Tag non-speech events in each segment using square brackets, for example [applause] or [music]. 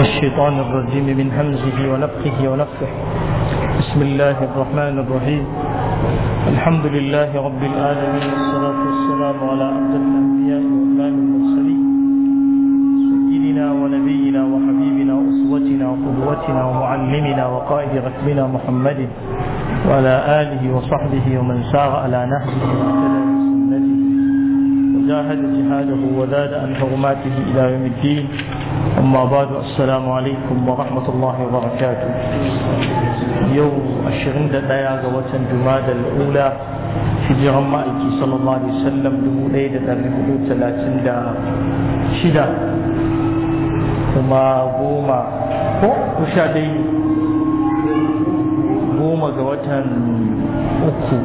الشيطان الرجيم من همزه ونفخه ونفخه بسم الله الرحمن الرحيم الحمد لله رب العالمين والصلاة والسلام على عبد الأنبياء وإمام المرسلين سيدنا ونبينا وحبيبنا وأسوتنا وقدوتنا ومعلمنا وقائد ركبنا محمد وعلى آله وصحبه ومن سار على نهجه واهتدى بسنته وجاهد جهاده وزاد عن حرماته إلى يوم الدين أما بعد السلام عليكم ورحمة الله وبركاته يوم الشرين دايا زوات جماد الأولى في مائك صلى الله عليه وسلم لموليدة لحدود ثلاثين دا شدة وما قوما وشادي قوما زوات أكو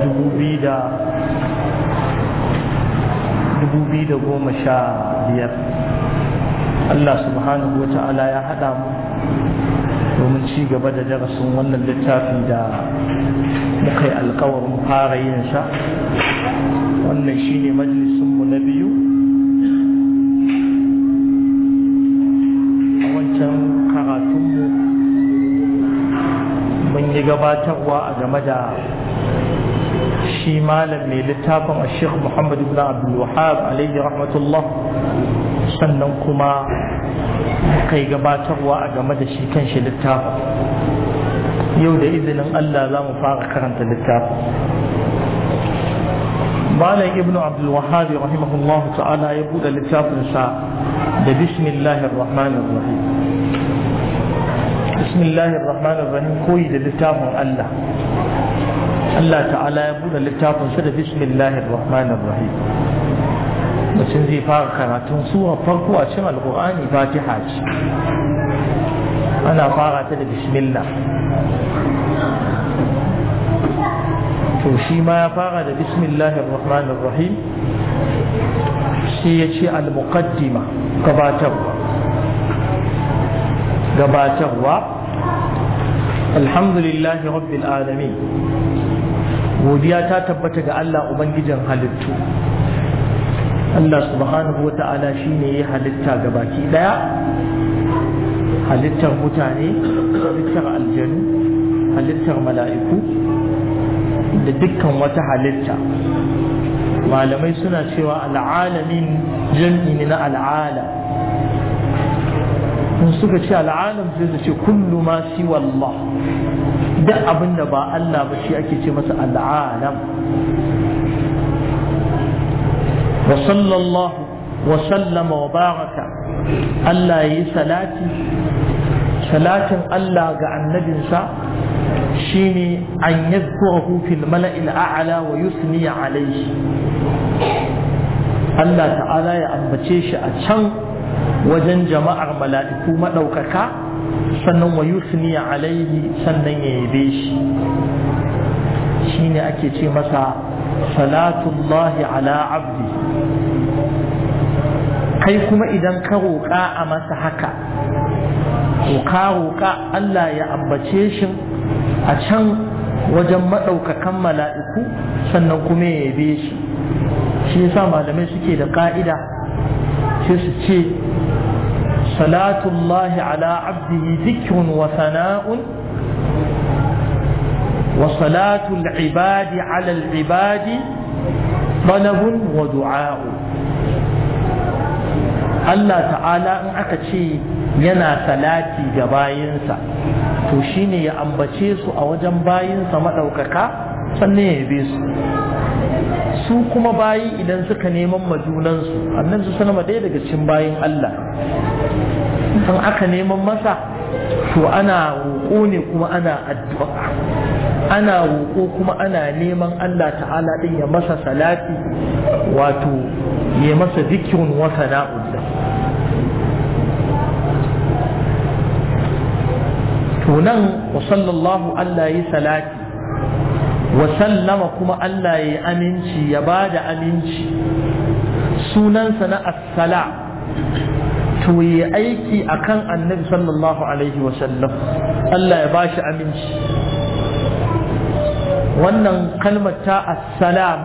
جموديدا dubu biyu da goma sha biyar Allah subhanahu wa ta'ala ya haɗa mu domin ci gaba da darasin wannan littafin da muka yi alkawarin fara yinsa sa wannan shine majalisunmu na biyu a wancan karatunmu mun yi gabatarwa a game da shi malam mai littafin a sheikh muhammad ibn abdul wahab rahmatullah sannan kuma kai gabatarwa a game da shi kan shi littafin yau da izinin Allah za mu fara karanta littafin malam ibn abdul wahabi rahimahullahu ta'ala ya buɗe littafinsa da bismillahir rahmanir rahim bismillahir rahmanir rahim koyi da littafin Allah Allah ta'ala ya buɗe littafinsa da bismillahir rahmanir rahim mutum zai fara karatun suwa farko a cikin alkur'ani fatiha ce ana fara ta da bismillah to shi ma ya fara da bismillahir rahmanir rahim sai ya ce al-muqaddima gabatarwa gabatarwa alhamdulillahi rabbil alamin godiya ta tabbata ga Allah ubangijin halittu Allah subhanahu wa ta'ala shi ne ya halitta ga baki ɗaya halittar mutane halittar aljanu halittar mala'iku da dukkan wata halitta malamai suna cewa al'alamin jam'i ne na al'ala in suka ce al'alam sai su ce kullu ma siwa Allah duk abin da ba Allah ba shi ake ce masa al'alam وصلى الله وسلم وبارك الله يسلاتي salatin Allah ga annabinsa shine an yadhkurahu fil mala'il a'la wa yusni alayhi Allah ta'ala ya ambace shi a can wajen jama'ar mala'iku madaukaka sannan wa yusni alayhi sannan ya yabe shi shine ake ce masa salatullahi ala abdi kai kuma idan ka roƙa a masa haka roƙa roƙa Allah ya ambace shi a can wajen maɗaukakan mala'iku sannan kuma ya yabe shi shi yasa malamai suke da ƙa'ida sai su ce salatullahi ala abdihi zikrun wa sana'un وصلاة العباد على العباد wa du'a'u Allah ta'ala in aka ce yana salati ga bayinsa to shine ya ambace su a wajen bayinsa maɗaukaka sannan ya yabe su su kuma bayi idan suka neman majunansu annan su sanama ɗaya daga cikin bayin Allah in aka neman masa to ana roƙo ne kuma ana addu'a ana roƙo kuma ana neman Allah ta'ala ɗin ya masa salati wato ya masa zikirin wasa na'udda tunan wasallallahu Allah ya salati wasallama kuma Allah ya aminci ya ba da aminci sunansa na assala to ya aiki akan annabi sallallahu alaihi wasallam Allah ya ba shi aminci wannan kalmar ta assalam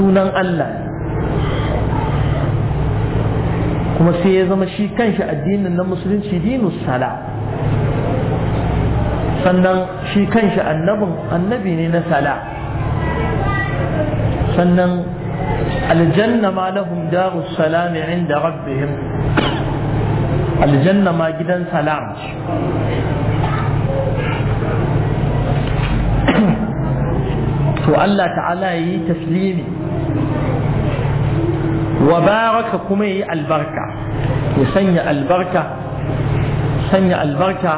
sunan Allah kuma sai ya zama shi kanshi addinin na musulunci dinu salam sannan shi kanshi annabin annabi ne na salam sannan aljanna ma lahum daru salami inda rabbihim aljanna ma gidan salam to Allah ta'ala yi taslimi wa baraka kuma yayi albarka ya sanya albarka sanya albarka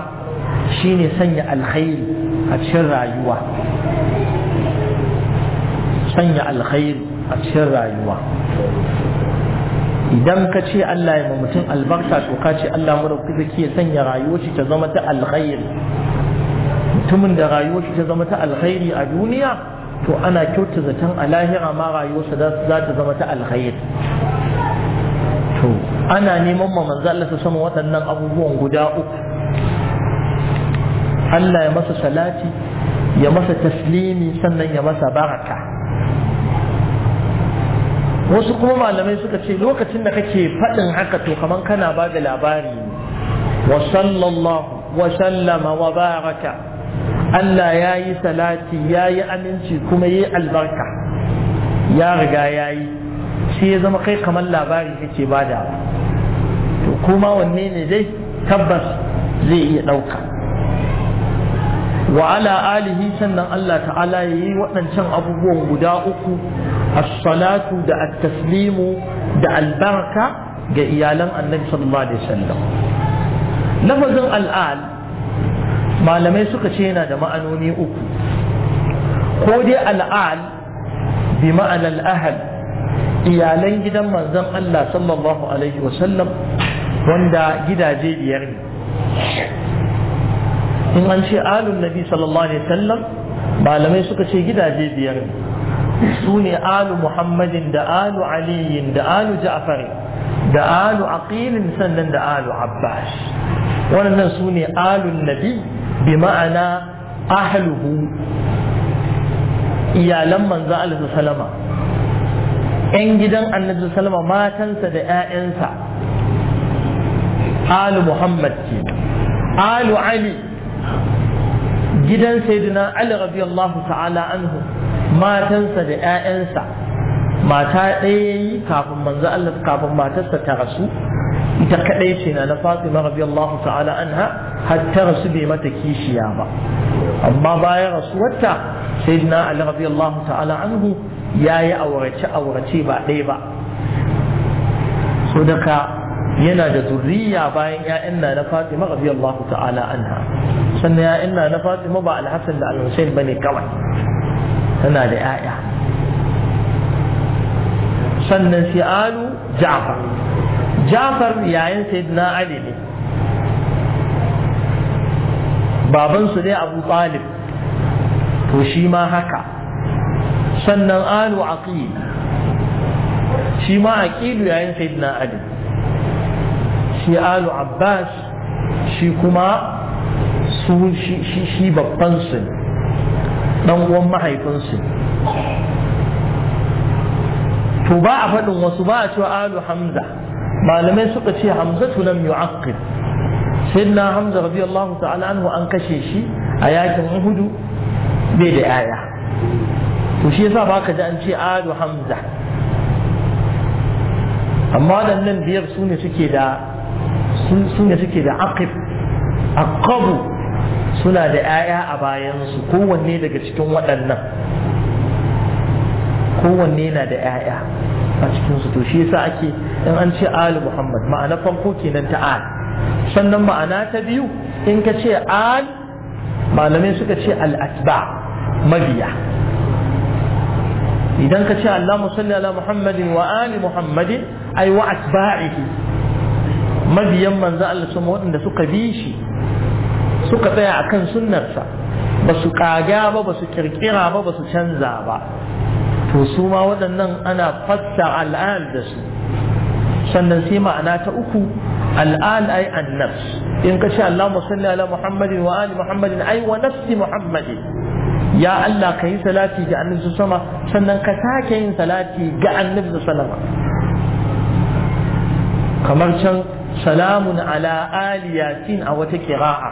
shine sanya alkhairi a cikin rayuwa sanya alkhairi a cikin rayuwa idan ka ce Allah ya mutum albarka to ka ce Allah madauki zaki ya sanya rayuwar ta zama ta alkhairi mutumin da rayuwar ta zama ta alkhairi a duniya to ana kyauta zaton a lahira ma rayuwarsa za ta zama ta alkhair to ana neman ma manzo Allah sama waɗannan abubuwan guda uku Allah ya masa salati ya masa taslimi sannan ya masa baraka wasu kuma malamai suka ce lokacin da kake faɗin haka to kamar kana ba da labari wa sallallahu wa sallama wa baraka Allah ya yi salati ya yi aminci kuma ya yi albarka ya riga ya yi shi ya zama kai kamar labari kake bada to kuma wanne ne dai tabbas zai iya ɗauka wa ala alihi sannan Allah ta'ala ya yi waɗancan abubuwan guda uku as-salatu da at-taslimu da albarka ga iyalan annabi sallallahu alaihi wasallam lafazin al'al malamai suka ce yana da ma'anoni uku ko dai al'al bi ma'anar ahal iyalan gidan manzon Allah sallallahu alaihi wasallam wanda gidaje biyar ne in an ce alun nabi sallallahu alaihi wasallam malamai suka ce gidaje biyar ne su ne alu muhammadin da alu aliyin da alu ja'fari da alu aqilin sannan da alu abbas waɗannan su ne alun nabi bi ma'ana ahluhu iyalan manzo Allah Salama, ‘yan gidan annabi Salama matansa da ƴaƴansa alu muhammad ke alu ali gidan sayyidina ali radiyallahu ta'ala anhu matansa da ƴaƴansa mata ɗaya yi kafin manzo Allah kafin matarsa ta rasu ita kaɗai ce na Fatima radiyallahu ta'ala anha har ta rasu bai mata kishiya ba amma bayan rasuwarta sayyidina Ali radiyallahu ta'ala anhu yayi aurace aurace ba ɗaya ba so daga yana da zurriya bayan ya'yan na na Fatima radiyallahu ta'ala anha sannan ya'yan na na Fatima ba alhassan da al ba bane kawai tana da 'ya'ya sannan sai Alu Ja'far jafar yayin sayyidina ali ne babansu ne abu talib to shi ma haka sannan alu aqil shi ma aqilu yayin sayyidina ali shi alu abbas shi kuma su shi babban su dan uwan mahaifinsu to ba a faɗin wasu ba a cewa alu hamza malamai suka ce hamzatu lam yu'aqqib sayyidina hamza radiyallahu ta'ala anhu an kashe shi a yakin uhudu bai da yaya to shi yasa ba ka ji an ce adu hamza amma nan biyar su ne suke da su ne suke da aqib aqabu suna da yaya a bayansu kowanne daga cikin waɗannan kowanne na da yaya a cikinsu to shi yasa ake in an ce ali muhammad ma'ana farko kenan ta al sannan ma'ana ta biyu in ka ce al malamai suka ce al atba mabiya idan ka ce Allahumma salli ala muhammadin wa ali muhammadin ai wa atba'ihi mabiyan manzo Allah sama waɗanda suka bi shi suka tsaya akan sunnarsa ba su kaga ba ba su kirkira ba ba su canza ba to su ma waɗannan ana fassa al'al da su sannan sai ma'ana ta uku al'al ai annas in ka ce Allahumma salli ala Muhammadin wa ali Muhammadin ai wa nafsi Muhammadin ya Allah ka yi salati ga annabi sama sannan ka sake yin salati ga annabi sallama kamar can salamun ala ali yasin a wata kira'a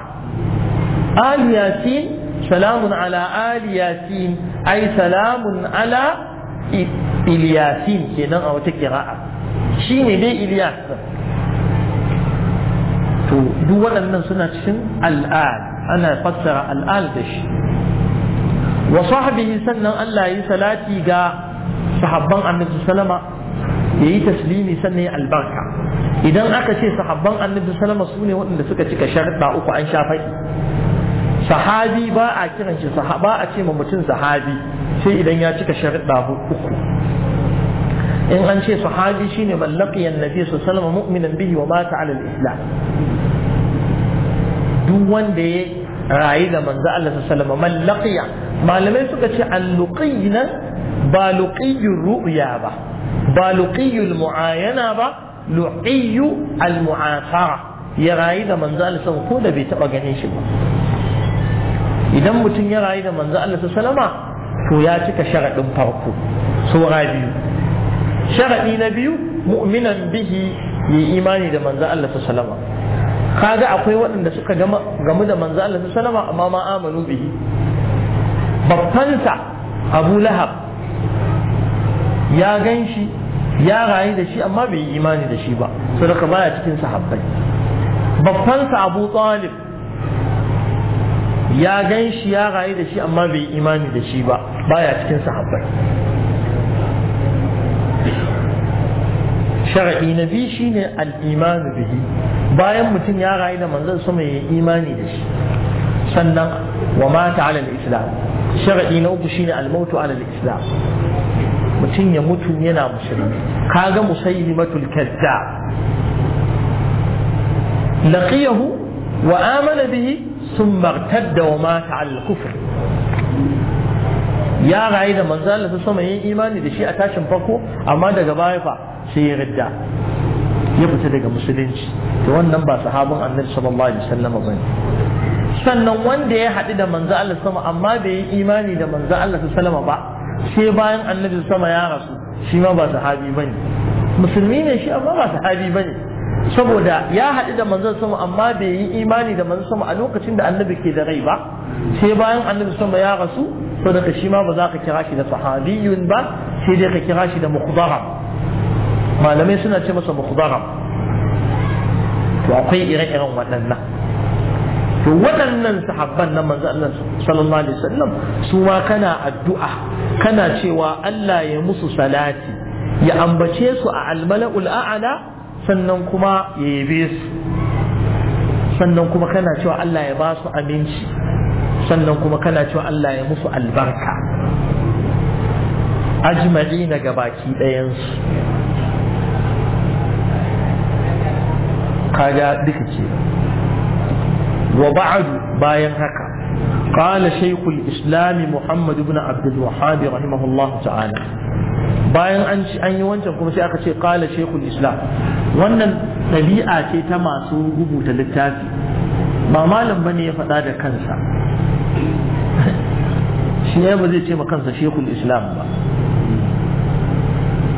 ali yasin salamun ala ali yasin ai salamun ala iliyasin kenan a wata kira'a shi ne dai iliyas to duk waɗannan suna cikin al'al ana fassara al'al da shi wa sahbihi sannan Allah yi salati ga sahabban annabi sallama ya yi taslimi sannan ya albarka idan aka ce sahabban annabi sallama su ne waɗanda suka cika sharɗa uku an sha faɗi sahabi ba a kiran shi ba a ce ma mutum sahabi sai idan ya cika sharuɗa uku in an ce sahabi shine mallaqiyan nabi sallallahu mu'minan bihi wa mata ala islam duk wanda ya rayu da manzo Allah sallallahu mallaqiya malamai suka ce an alluqina ba luqiyur ru'ya ba ba luqiyul mu'ayana ba luqiyu al mu'asara ya rayu da manzo Allah ko da bai taba ganin shi ba idan mutum ya rayu da manzo Allah sallama to ya cika sharadin farko sura biyu sharadi na biyu mu'minan bihi yi imani da manzo Allah sallama kaga akwai waɗanda suka gamu da manzo Allah sallama amma ma amanu bihi babbansa Abu Lahab ya gan shi ya rayu da shi amma bai yi imani da shi ba saboda baya cikin sahabbai Baffansa Abu Talib ya gan shi ya rayu da shi amma bai imani da shi ba baya cikin sahabbai shar'i na biyu shine al-imanu bihi bayan mutum ya rayu da manzan sama ya imani da shi sannan wa mata ala islam shar'i na uku shine al-mautu ala islam mutum ya mutu yana musulmi kaga musaylimatul kadda laqiyahu wa amana bihi sun da wa mata al kufr ya rayu da manzo Allah sama yin imani da shi a tashin farko amma daga baya fa sai ya ridda ya fita daga musulunci to wannan ba annabi sannan wanda ya haɗu da manzo Allah sama amma bai yi imani da manzo Allah ba sai bayan annabi sama ya rasu shi ma ba sahabi bane musulmi ne shi amma ba sahabi bane saboda ya haɗu da manzon sama amma bai yi imani da manzon sama a lokacin da annabi ke da rai ba sai bayan annabi sama ya rasu to daga shi ma ba za ka kira shi da sahabiyun ba sai dai ka kira shi da mukhdaram malamai suna ce masa mukhdaram to akwai ire-iren waɗannan to waɗannan sahabban na manzon Allah sallallahu alaihi wasallam su ma kana addu'a kana cewa Allah ya musu salati ya ambace su a almala'ul a'la sannan kuma ya yabe su sannan kuma kana cewa Allah ya ba su aminci sannan kuma kana cewa Allah ya musu albarka ajma'i na gabaki ɗayansu kaga duka ce wa ba'adu bayan haka قال شيخ الإسلام محمد بن عبد الوهاب رحمه الله تعالى bayan an yi wancan kuma sai aka ce qala shaykhul islam wannan ɗabi'a ce ta masu rubuta littafi ba malam bane ya faɗa da kansa [laughs] shi ne ba zai ce ma kansa shekul islam ba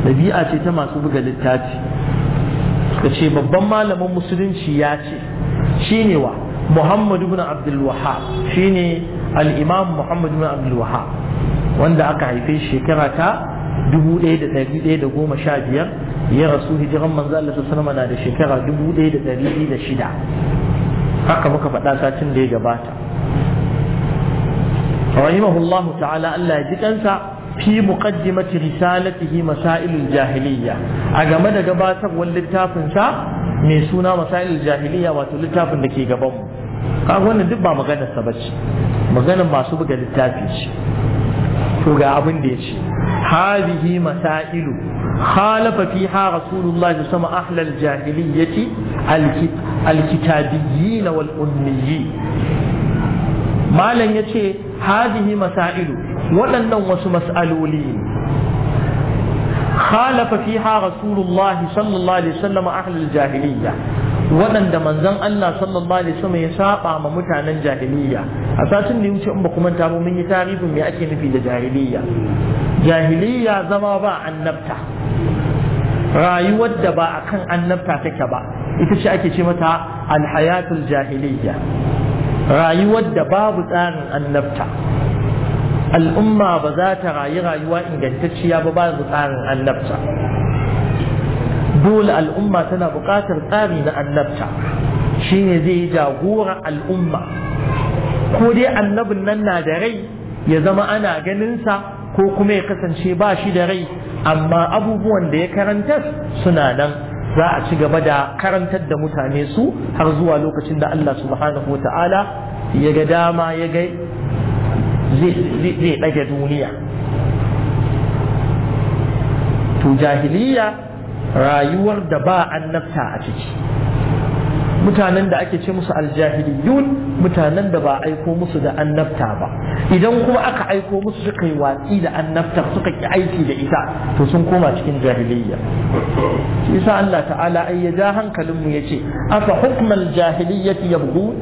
ɗabi'a ce ta masu buga littafi suka ce babban malamin musulunci ya ce shi ne wa muhammadu bin abdulwaha shi ne al'imam muhammadu bin abdulwaha wanda aka haife shekara ta dubu ɗaya da ɗari ɗaya da goma sha biyar ya rasu hijiran manzo Allah sallallahu na da shekara dubu ɗaya da ɗari da shida haka muka faɗa satin da ya gabata rahimahullahu ta'ala Allah ya ji kansa fi muqaddimati risalatihi masailul jahiliyya a game da gabatarwar littafin sa mai suna masailul jahiliyya wato littafin da ke gaban mu kaga wannan duk ba maganar sa bace maganar masu buga littafi ce to ga abin da ya ce hadhihi masailu khalafa fiha rasulullahi sama ahlal jahiliyyati alkitabiyyin wal ummiyin malam yace hadhihi masailu waɗannan wasu mas'aloli khalafa fiha rasulullahi sallallahu alaihi wasallam ahlal jahiliyya waɗanda manzon Allah sallallahu alaihi wasallam ya saba ma mutanen jahiliya a satin da ya wuce in ba kuma ta mun yi tarihi me ake nufi da jahiliya jahiliya zama ba annabta rayuwar da ba akan annabta take ba ita ce ake ce mata alhayatul jahiliya rayuwar da babu tsarin annabta al'umma ba za ta rayu rayuwa ingantacciya ba ba tsarin annabta dole al'umma tana buƙatar tsari na annabta shi ne zai yi jagora al'umma ko dai annabin nan na da rai ya zama ana ganinsa ko kuma ya kasance ba shi da rai amma abubuwan da ya karanta suna nan za a ci gaba da karantar da mutane su har zuwa lokacin da Allah subhanahu wata'ala ya ga dama ya ga zai ɗage duniya to jahiliya rayuwar da ba annabta a ciki mutanen da ake ce musu aljahiliyun mutanen da ba aiko musu da annabta ba idan kuma aka aiko musu suka yi watsi da annabta suka ki aiki da ita to sun koma cikin jahiliyya shi yasa Allah ta'ala ai ya ja hankalin mu yace afa hukmal jahiliyyati yabghun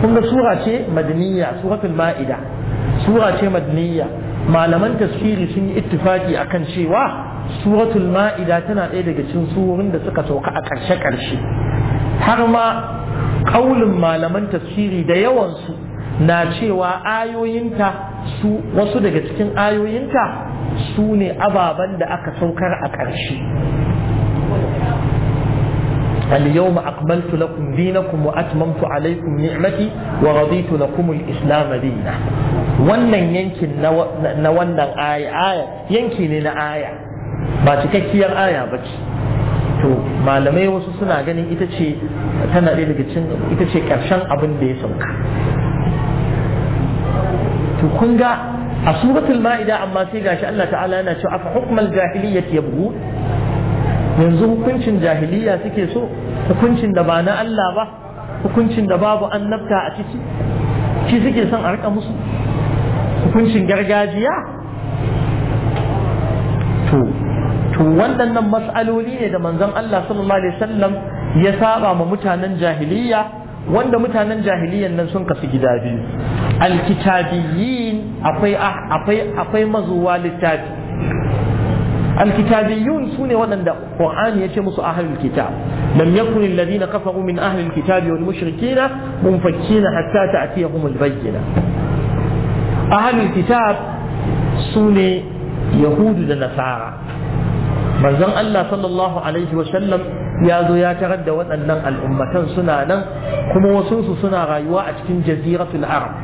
kun ga sura ce madaniyya suratul ma'ida sura ce madaniyya malaman tafsiri sun yi ittifaki akan cewa suratul ma'ida tana ɗaya daga cikin surorin da suka sauka a ƙarshe-ƙarshe har ma ƙaulin malaman tafsiri da yawansu na cewa ayoyinta su wasu daga cikin ayoyinta su ne ababen da aka saukar a ƙarshe اليوم أقبلت لكم دينكم وأتممت عليكم نعمتي ورضيت لكم الإسلام دينا wannan yankin na wannan aya yanki ne na aya ba cikakkiyar aya ba ce to malamai wasu suna ganin ita ce tana ɗaya daga cin ita ce ƙarshen abin da ya sauka to kun ga a suratul ma'ida amma sai gashi Allah ta'ala yana cewa afa hukmal jahiliyyah yabghu yanzu hukuncin jahiliya suke so hukuncin da ba na Allah ba hukuncin da babu annabta a ciki shi suke son a rika musu hukuncin gargajiya to to waɗannan mas'aloli ne da manzon Allah sallallahu alaihi wasallam ya saba ma mutanen jahiliya wanda mutanen jahiliyan nan sun kasu gida biyu alkitabiyin akwai ah, akwai akwai mazuwa littafi alkitabiyun sune waɗanda qur'ani ya ce musu ahlul kitab lam yakun alladhina kafaru min ahlil kitabi wal mushrikina munfakkina hatta ta'tiyahum albayyina ahlul kitab sune yahudu da nasara manzon Allah sallallahu alaihi wa sallam ya zo ya tarar da waɗannan al'ummatan suna nan kuma wasu su suna rayuwa a cikin jaziratul arab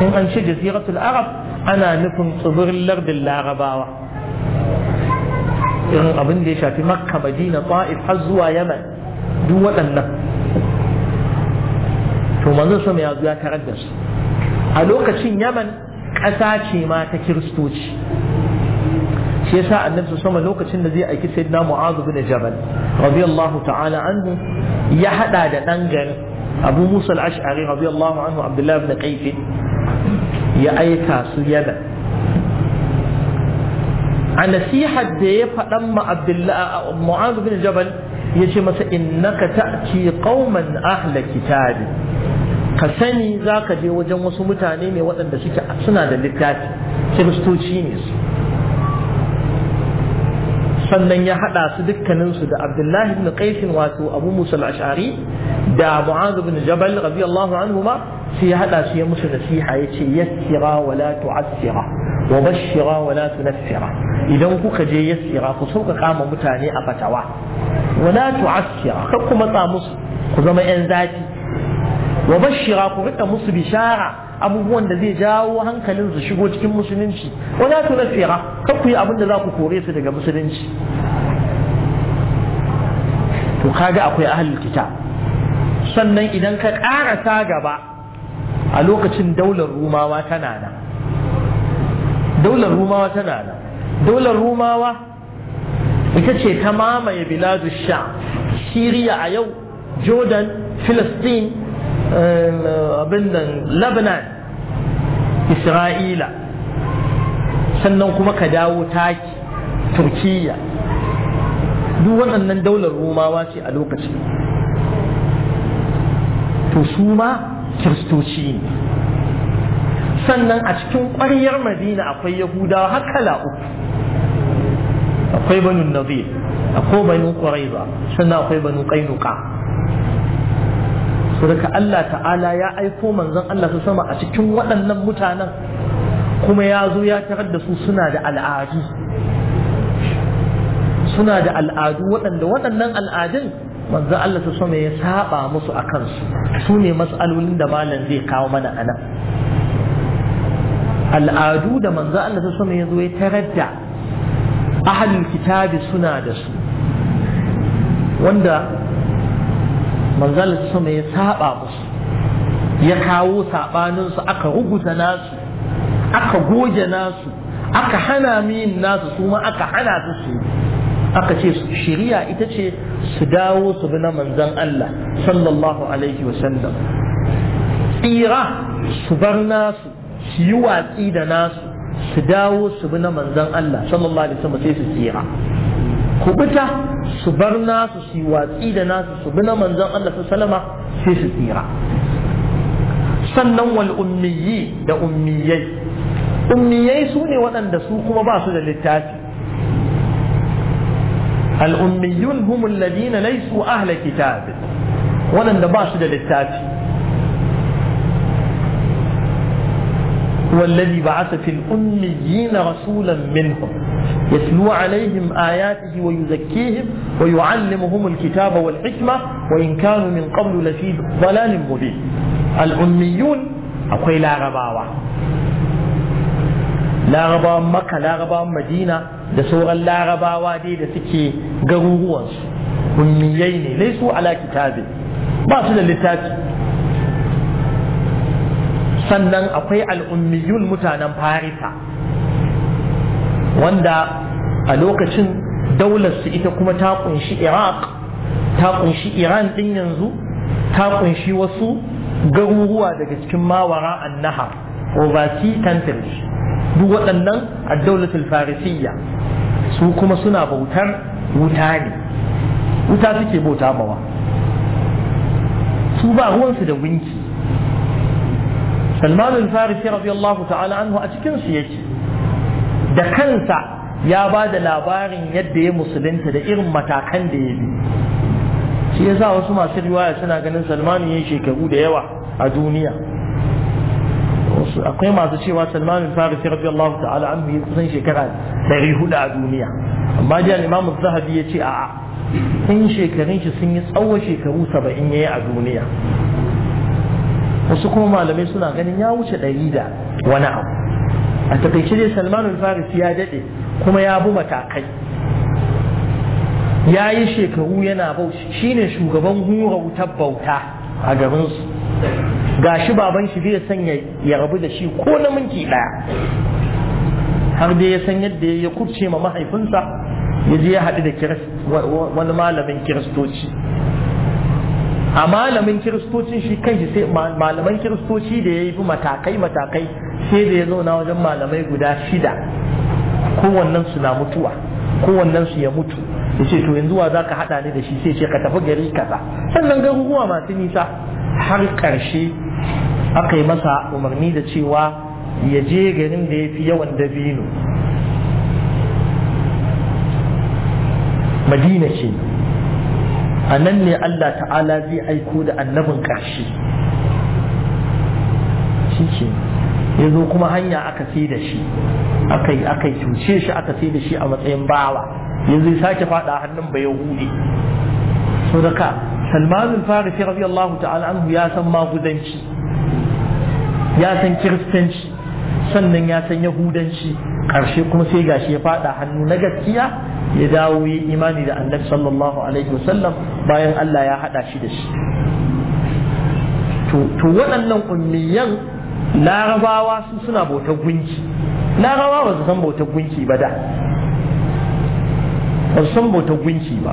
in an ce jaziratul arab ana nufin tsibirin lardin larabawa irin abin da ya shafi makka madina ta'if har zuwa yaman duk waɗannan to manzon sama ya zo ya tarar da su a lokacin yaman ƙasa ce ma ta kiristoci shi yasa annabi sama lokacin da zai aiki sayyidina mu'az bin jabal radiyallahu ta'ala anhu ya hada da dan garin abu musa al-ash'ari radiyallahu anhu abdullahi ibn qais ya aika su yada a nasihar da ya faɗan ma mu'az bin jabal ya ce masa innaka ta'ti qauman ahla kitabi ka sani za ka je wajen wasu mutane ne waɗanda suke suna da littafi Sai toci ne su sannan ya haɗa su dukkaninsu da abdullahi ibn qais wato abu musa al-ash'ari da mu'az ibn jabal radiyallahu anhu ma sai ya haɗa su ya musu nasiha yace yassira wa la tu'assira wa bashira wa la tunassira idan kuka je yassira ku sauka kama mutane a fatawa wa la tu'assira kar ku matsa musu ku zama yan zaki wa bashira ku rika musu bishara abubuwan da zai jawo hankalin su shigo cikin musulunci wala tunaffira kar ku yi abin da za ku kore su daga musulunci to kaga akwai ahlul kitab sannan idan ka karasa gaba a lokacin daular rumawa tana nan daular rumawa tana nan daular rumawa ita ce ta mamaye biladu sha siriya a yau jordan Filistin. abin da lebanon isra'ila sannan kuma ka dawo taki turkiya duk waɗannan daular romawa ce a lokacin to su ma kiristoci ne sannan a cikin ƙwaryar madina akwai yahudawa har kala uku akwai banu nazir akwai banu ƙwaraiba sannan akwai banu ƙainuka saboda Allah ta'ala ya aiko manzon Allah su sama a cikin waɗannan mutanen kuma ya zo ya tarar da su suna da al'adu suna da al'adu waɗanda waɗannan al'adun manzo Allah su sama ya saba musu a kansu su ne matsalolin da malam zai kawo mana a nan al'adu da manzo Allah su sama ya zo ya tarar da ahalin kitabi suna da su wanda manzala sama ya saba musu ya kawo saɓaninsu aka ruguza nasu aka goge nasu aka hana min nasu su ma aka hana su su aka ce shiriya ita ce su dawo su bi na manzan Allah sallallahu alaihi sallam. tsira su bar nasu su yi watsi da nasu su dawo su bi na manzan Allah sallallahu alaihi sallam sai su tsira kubuta su bar nasu su yi watsi da nasu su bi na manzon Allah Salama sai su tsira sannan wal ummiyi da ummiyai ummiyai su ne waɗanda su kuma ba su da littafi al ummiyun hum alladhina laysu ahla kitab waɗanda ba su da littafi هو الذي بعث في الأميين رسولا منهم يتلو عليهم آياته ويزكيهم ويعلمهم الكتاب والحكمة وإن كانوا من قبل لفي ضلال مبين الأميون أقوي لا غباوة لا غباوة مكة لا غباوة مدينة da sauran larabawa dai da suke garuruwansu ummiyai ne laisu ala kitabi ba su da littafi sannan akwai al'ummiyun mutanen farisa wanda a lokacin daularsu ita kuma ta kunshi iraq ta kunshi iran ɗin yanzu ta kunshi wasu garuruwa daga cikin mawara an nahar overseas countries duk waɗannan a daular farisiyya su kuma suna bautar wuta ne wuta suke bauta bawa, su ba ruwansu da winki salman al-farisi radiyallahu ta'ala anhu a cikin su yake da kansa ya ba da labarin yadda ya musulunta da irin matakan da ya bi shi yasa wasu masu riwaya suna ganin salman ya shekaru da yawa a duniya akwai masu cewa salman al-farisi radiyallahu ta'ala anhu ya kusan shekara hudu a duniya amma dai al-imam az-zahabi yace a'a in shekarun shi sun yi tsawon shekaru saba'in ya yi a duniya wasu kuma malamai suna ganin ya wuce ɗari da wani abu a taƙaice dai salman farisi ya daɗe kuma ya bi matakai ya yi shekaru yana bauchi ne shugaban hura wutar bauta a garinsu ga shi baban shi bai san ya rabu da shi ko na minti ɗaya har dai ya san yadda ya kubce ma mahaifinsa ya je ya haɗu da wani malamin kiristoci a malamin kiristocin shi kan shi sai malaman kiristoci da ya yi matakai matakai sai da ya zauna wajen malamai guda shida kowannen su na mutuwa kowannen su ya mutu ya ce to yanzu wa za ka haɗa ni da shi sai ce ka tafi gari kaza sannan garuruwa masu nisa har ƙarshe aka yi masa umarni da cewa ya je garin da ya fi yawan dabino madina ce a nan ne Allah ta'ala zai aiko da annabin ƙarshe shi ce ya zo kuma hanya aka sai da shi aka yi aka cuce shi aka sai da shi a matsayin bawa yanzu ya sake faɗa hannun bai hude? so da ka shi farisi radiyallahu ta'ala anhu ya san magudanci ya san kiristanci sannan ya san yahudanci ƙarshe kuma sai gashi ya faɗa hannu na gaskiya ya dawo yi imani da annabi sallallahu alaihi wasallam bayan Allah ya hada shi da shi to waɗannan ummiyan larabawa su suna bautar gunki larabawa ba su san bautar gunki ba da ba su san bautar gunki ba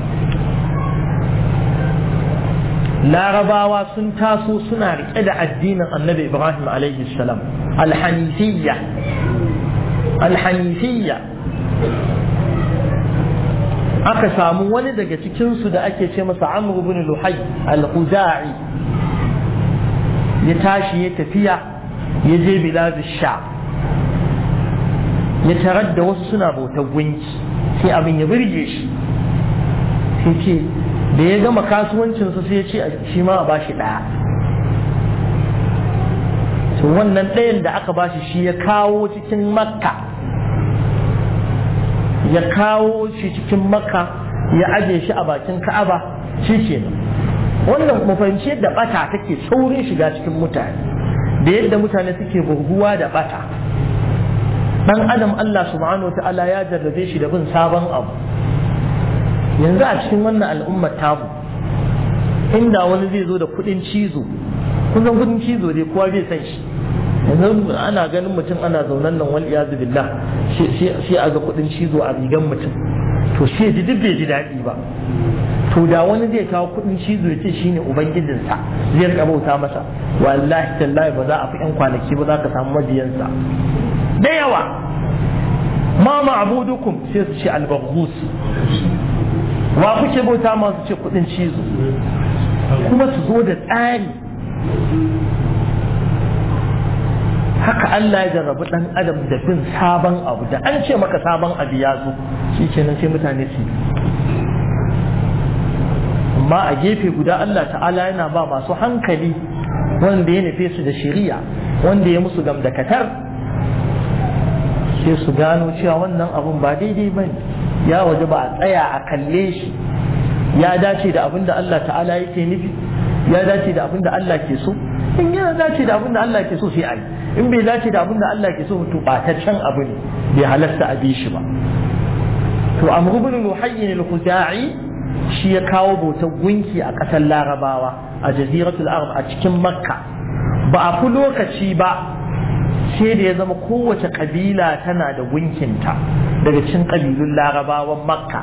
larabawa sun taso suna riƙe da addinin annabi ibrahim alaihi salam alhanifiyya alhanifiyya aka samu wani daga cikinsu da ake ce masa amru bin luhai al-huza'i ya tashi ya tafiya ya je biladu sha ya tarar da wasu suna bautar gunki sai abin ya birge shi sai ce da ya gama kasuwancinsa sai ya ce shi ma a shi ɗaya to wannan ɗayan da aka bashi shi ya kawo cikin makka ya kawo shi cikin makka ya aje shi a bakin ka'aba shi kenan wannan mu fahimci yadda bata take saurin shiga cikin mutane da yadda mutane suke burguwa da bata dan adam Allah subhanahu ta'ala ya jarrabe shi da bin sabon abu yanzu a cikin wannan al'ummar tamu inda wani zai zo da kudin cizo kun san kudin cizo dai kowa zai san shi yanzu ana ganin mutum ana zaunan nan wal iyazu billah sai a ga kudin cizo a rigan mutum to sai ji duk bai ji daɗi ba to da wani zai kawo kudin cizo ya ce shine ubangijinsa zai rika bauta masa wallahi tallahi ba za a fi yan kwanaki ba za ka samu mabiyansa da yawa ma ma'budukum sai su ce albaghus wa kuke bauta masu ce kudin cizo kuma su zo da tsari haka Allah ya jarrabu ɗan adam da bin sabon abu da an ce maka sabon abu ya zo shi kenan sai mutane su amma a gefe guda Allah ta'ala yana ba masu hankali wanda ya nufe su da shari'a wanda ya musu gamdakatar sai su gano cewa wannan abun ba daidai ba ya waje ba a tsaya a kalle shi ya dace da abin da Allah ta'ala yake nufi ya dace da abin Allah ke so in yana dace da abin da Allah ke so sai a yi in bai dace da abin da Allah ke so to bataccen abu ne bai halasta a bi shi ba to amr ibn luhayy al-khuzai shi ya kawo bautar gunki a ƙasar larabawa a jaziratul arab a cikin makka ba a fi lokaci ba sai da ya zama kowace kabila tana da gunkinta daga cikin kabilun larabawan makka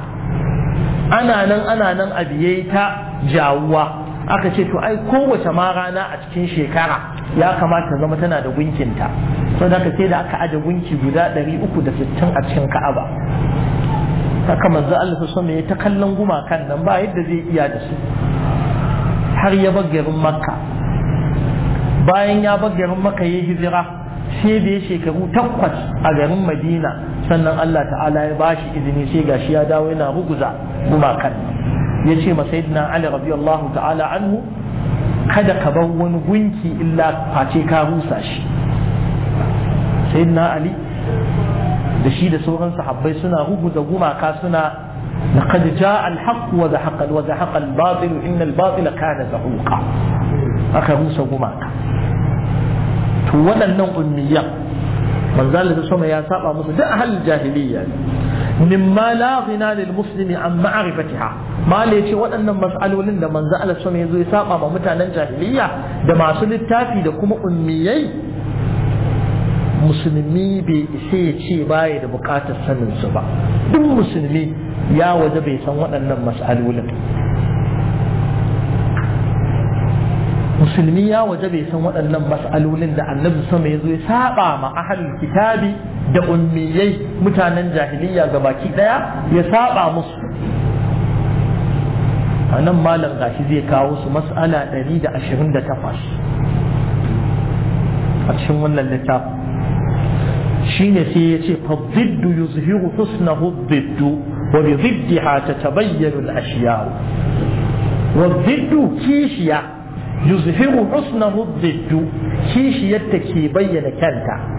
ana nan ana nan a ta jawuwa aka ce to ai kowace ma rana a cikin shekara ya kamata zama tana da gunkinta sau da ce da aka aje gunki guda 360 a cikin ka'aba haka manzo Allah su ya ta kallon gumakan nan ba yadda zai iya da su har ya bar makka bayan ya bar garin makka ya hijira sai da ya shekaru takwas a garin madina sannan Allah ta'ala ya bashi izini sai gashi ya dawo yana ruguza gumakan ya ce masayidina ali radiyallahu ta'ala anhu kada ka bar wani gunki illa face ka rusa shi sayidina ali da shi da sauran sahabbai suna rubuta gumaka suna لقد جاء الحق وزحق وزحق الباطل إن الباطل كان زحوقا aka rusa gumaka to waɗannan ummiyan manzo da sama ya saba musu duk ahal jahiliya mimma la ghina lil muslimi an ma'rifatiha mala ce waɗannan mas'alolin da manzo Allah sun yazo ya saba ma mutanen jahiliya da masu littafi da kuma ummiyai musulmi bai isa ya ce baya da bukatar saninsu ba duk musulmi ya waje bai san waɗannan mas'alolin musulmi ya waje bai san waɗannan mas'alolin da annabi sama ya zo ya saba ma ahalul kitabi da ummiyai mutanen jahiliya ga baki daya ya saba musu a nan malam gashi zai kawo su mas'ala 128 a cikin wannan littafin shine sai ya ce fadiddu yuzhiru husnahu diddu wa bi ziddiha tatabayyanu al-ashiya wa diddu kishiya yuzhiru husnahu diddu kishiyar ta ke bayyana kanta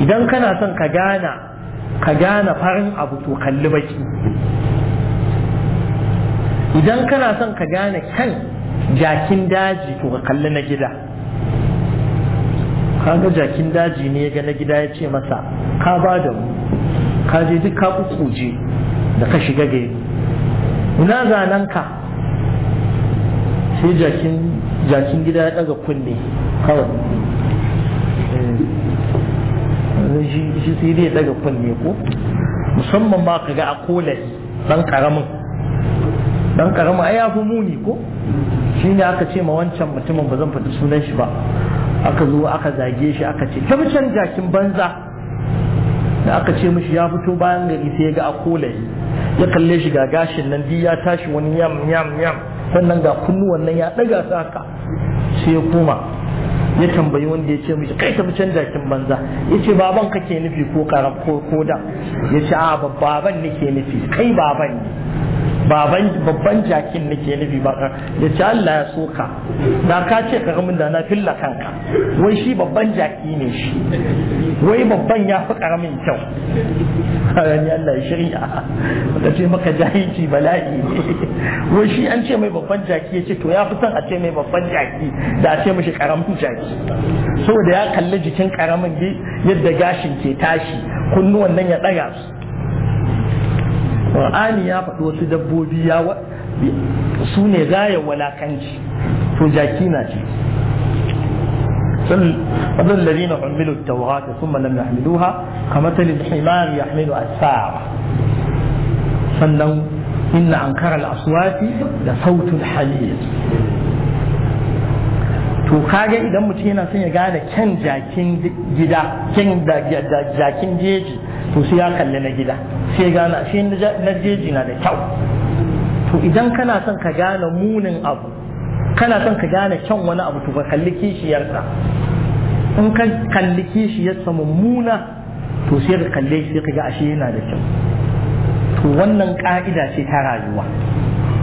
idan kana son ka gana ka gane farin abu to kalli baki idan kana son ka gane kan jakin daji to ka kalli na gida kaga jakin daji ne ga na gida ya ce masa ka ba da mu ka je duk ka kuje da ka shiga gari ina zanen ka sai jakin gida ya daga kunne kawai shi sai dai daga kunne ko musamman ma ka ga a kolai dan karamin dan karamin ai ya fi muni ko shi ne aka ce ma wancan mutumin ba zan faɗi sunan shi ba aka zo aka zage shi aka ce ta tabbacan jakin banza da aka ce mishi ya fito bayan gari sai ya ga a akolai ya kalle shi ga gashin nan ya tashi wani yam yam yam sannan ga kunnuwan nan ya daga su haka sai ya koma ya tambayi wanda ya ce mishi kai tafi can jakin banza ya ce baban kake nufi ko karam ko koda ya ce a baban nake nufi kai baban ne babban jakin nake nufi ba ka ya ce Allah ya soka da ka ce ka min da na filla kanka wai shi babban jaki ne shi wai babban ya fi karamin kyau ni Allah ya shirya ka ce maka jahilci bala'i ne wai shi an ce mai babban jaki ya ce to ya fi son a ce mai babban jaki da a ce mashi karamin jaki saboda ya kalli jikin karamin yadda gashin ke tashi kunnuwan nan ya ɗaga su Qur'ani ya faɗo wasu dabbobi ya su ne gayan walakanci to jaki na ce sun lalari na hulmilu ta wuha ta sun manan ya hulmilu ha ta lalari imam ya hulmilu sannan inna an kara al'asuwafi da sautun halil to kaga idan mutum yana son ya gane kyan jakin gida kyan jakin jeji to sai ya kalli na gida sai gana shi na jeji na da kyau to idan kana son ka gane munin abu kana son ka gane kyan wani abu to ka kalli kishiyarsa in ka kalli kishiyarsa mummuna to sai ka kalle sai ka ga ashe yana da kyau to wannan ka'ida ce ta rayuwa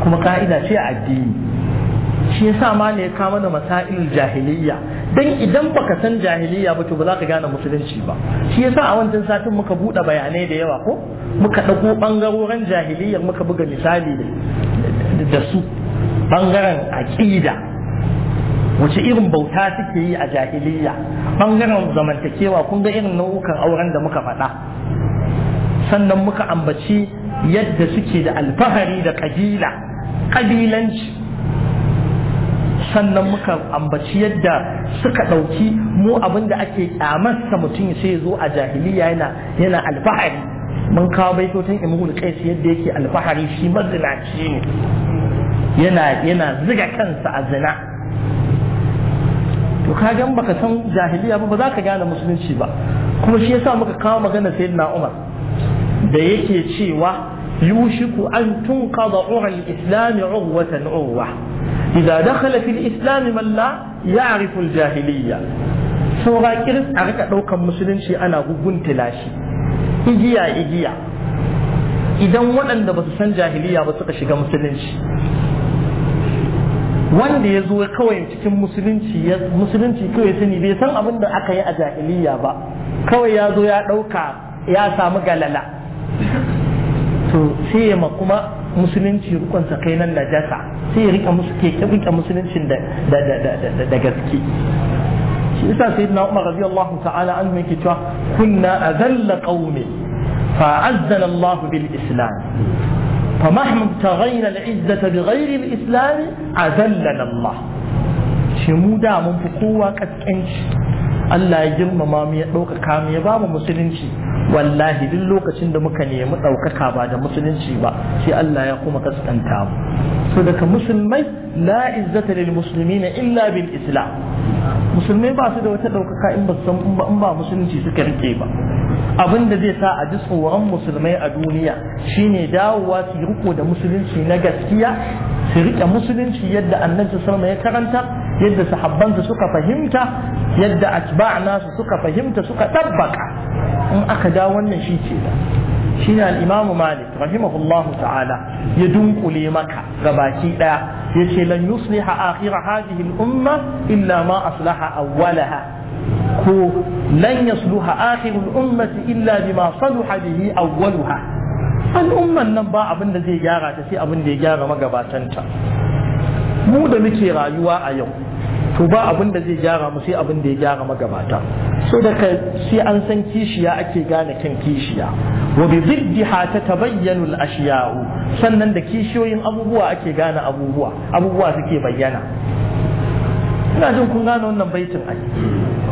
kuma ka'ida ce a addini shi yasa ma ne ya kama da masail jahiliyya dan idan baka san jahiliya ba to ba za ka gane musulunci ba shi yasa a wancan satin muka buɗe bayanai da yawa ko muka ɗago ɓangarorin jahiliya muka buga misali da su ɓangaren aƙida wace irin bauta suke yi a jahiliya ɓangaren zamantakewa kun ga irin nau'ukan auren da muka faɗa sannan muka ambaci yadda suke da alfahari da ƙabila ƙabilanci sannan muka ambaci yadda suka ɗauki mu abin da ake kyamarsa mutum sai zo a jahiliya yana yana alfahari mun kawo baitotan imrul qais yadda yake alfahari shi mazinaci ne yana yana ziga kansa a zina to ka gan baka san jahiliya ba ba za ka gane musulunci ba kuma shi yasa muka kawo magana sayyidina umar da yake cewa yushiku an tunqada uhl al-islam urwatan urwa إذا دخل islami malla ya لا يعرف الجاهلية saura kiris a rika ɗaukan musulunci ana guguntula shi igiya igiya idan waɗanda ba su san jahiliya ba suka shiga musulunci wanda ya zo kawai cikin musulunci musulunci kawai sani bai san abin da aka yi a jahiliya ba kawai ya zo ya ɗauka ya samu galala to sai ya kuma musulunci rukun sa na nan sai ya rika musu keke rika musuluncin da da da da da da gaske shi yasa sayyidina Umar radiyallahu ta'ala an miki cewa kunna azalla qaumi fa azzala Allah bil islam fa mahma taghayyara al izzata bi ghayri al islam azalla Allah shi mu da mun fi kowa kaskanci Allah ya girmama mu ya ɗaukaka mu ya ba mu musulunci wallahi duk lokacin da muka nemi ɗaukaka ba da musulunci ba sai Allah ya kuma kaskanta mu so daga musulmai la izzata lil muslimina illa bil islam musulmai ba su da wata ɗaukaka in ba in ba musulunci suka rike ba abin da zai sa a ji tsoron musulmai a duniya shine dawowa su riko da musulunci na gaskiya su rike musulunci yadda annabi sallallahu alaihi wasallam ya karanta yadda sahabbansa suka fahimta yadda atba' nasu suka fahimta suka tabbaka in aka dawo wannan shi ce da shi ne al'imamu malik rahimahullahu ta'ala ya dunkule maka gabaki ɗaya. ya ce lan yusliha akhira hadhihi al-umma illa ma aslaha awwalaha ko lan yasluha akhiru al-ummati illa bima saluha bihi awwaluha al'umman nan ba abin da zai gyara ta sai abin da ya gyara magabatanta mu da muke rayuwa a yau to ba abin da zai gyara mu sai abin da ya gyara magabata so da ka sai an san kishiya ake gane kan kishiya wa bi ziddiha tabayyanu al-ashiya'u sannan da kishiyoyin abubuwa ake gane abubuwa abubuwa suke bayyana ina jin kun gane wannan baitin ai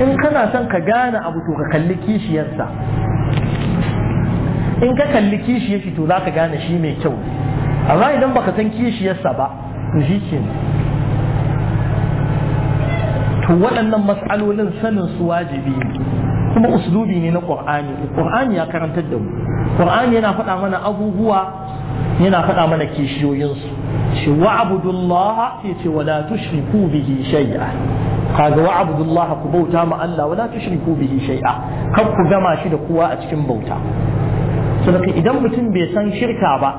in kana son ka gane abu to ka kalli kishiyarsa in ka kalli kishiyar shi to za ka gane shi mai kyau amma idan baka san kishiyarsa ba to shi to waɗannan mas'alolin sanin su wajibi kuma uslubi ne na qur'ani qur'ani ya karantar da mu qur'ani yana faɗa mana abubuwa yana faɗa mana kishiyoyinsu wa wa'budullaha sai ce wala tushriku bihi shay'a kaga wa'budullaha ku bauta ma Allah wala tushriku bihi shay'a kar ku gama shi da kowa a cikin bauta saboda idan mutum bai san shirka ba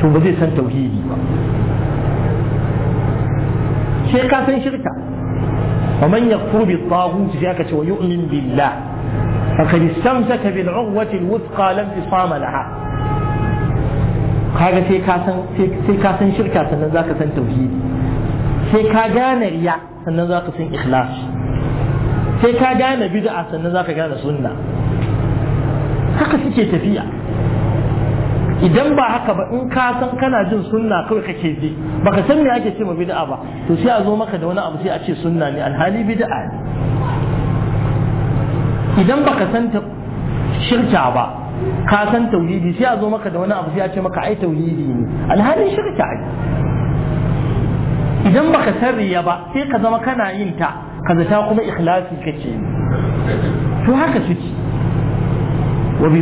to ba zai san tauhidi ba sai ka san shirka ومن يكفر بالطاغوت جاك ويؤمن بالله فقد استمسك بالعروة الوثقى لا انفصام لها kaga sai ka san sai ka san shirka sannan zaka san tauhidi sai ka gane riya sannan zaka san ikhlas sai ka gane bid'a sannan zaka gane sunna haka suke tafiya idan ba haka ba in ka san kana jin sunna kawai kake bi baka san me ake ce ma bid'a ba to sai a zo maka da wani abu sai a ce sunna ne alhali bid'a ne idan baka san ta shirka ba ka san tauhidi sai a zo maka da wani abu sai a ce maka ai tauhidi ne alhali shirka ne idan baka san riya ba sai ka zama kana yin ta ka zata kuma ikhlasi kake to haka suke wa bi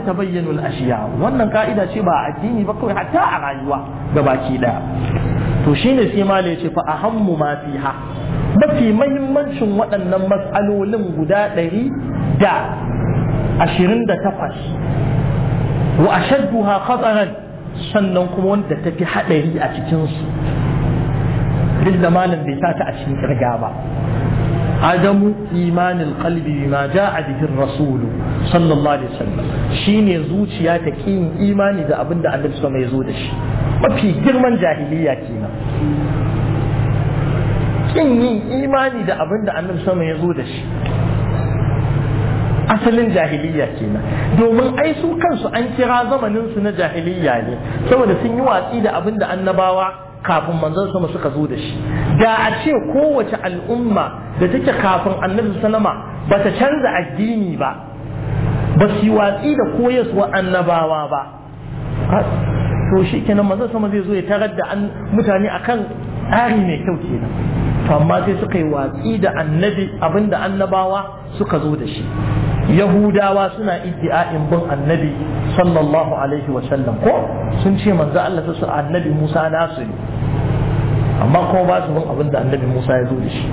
ta bayyanu al-ashiya wannan ƙa'ida ce ba a addini ba kawai hatta a rayuwa ga baki ɗaya. to shine sima malai ce fa ahammu ma fiha mafi mahimmancin waɗannan matsalolin guda ɗari da ashirin da takwas wa ashadduha khataran sannan kuma wanda ta fi haɗari a cikinsu duk da malam bai sa ta a cikin kirga ba عدم إيمان القلب بما جاء به الرسول صلى الله عليه وسلم شين يزوج يا إيمان إذا أبند أن نفسه يزودش ما في جرمان جاهلية كينا kin yin imani da abin da annabi ya zo da shi asalin jahiliya kenan domin ai su kansu an kira zamanin su na jahiliya ne saboda sun yi watsi da abin da annabawa kafin manzon sama suka zo da shi da a ce kowace al'umma da take kafin annabi Salama ba ta canza addini ba ba su yi watsi da koyaswa annabawa ba to shi kenan manzon sama zai zo ya tarar da mutane akan tsari mai kyau kenan to amma sai suka yi watsi da annabi abinda annabawa suka zo da shi yahudawa suna iddi'a'in bin annabi sallallahu alaihi wa sallam ko sun ce manzo Allah ta annabi Musa nasu ne amma kuma ba su bin abin da annabi musa ya zo da shi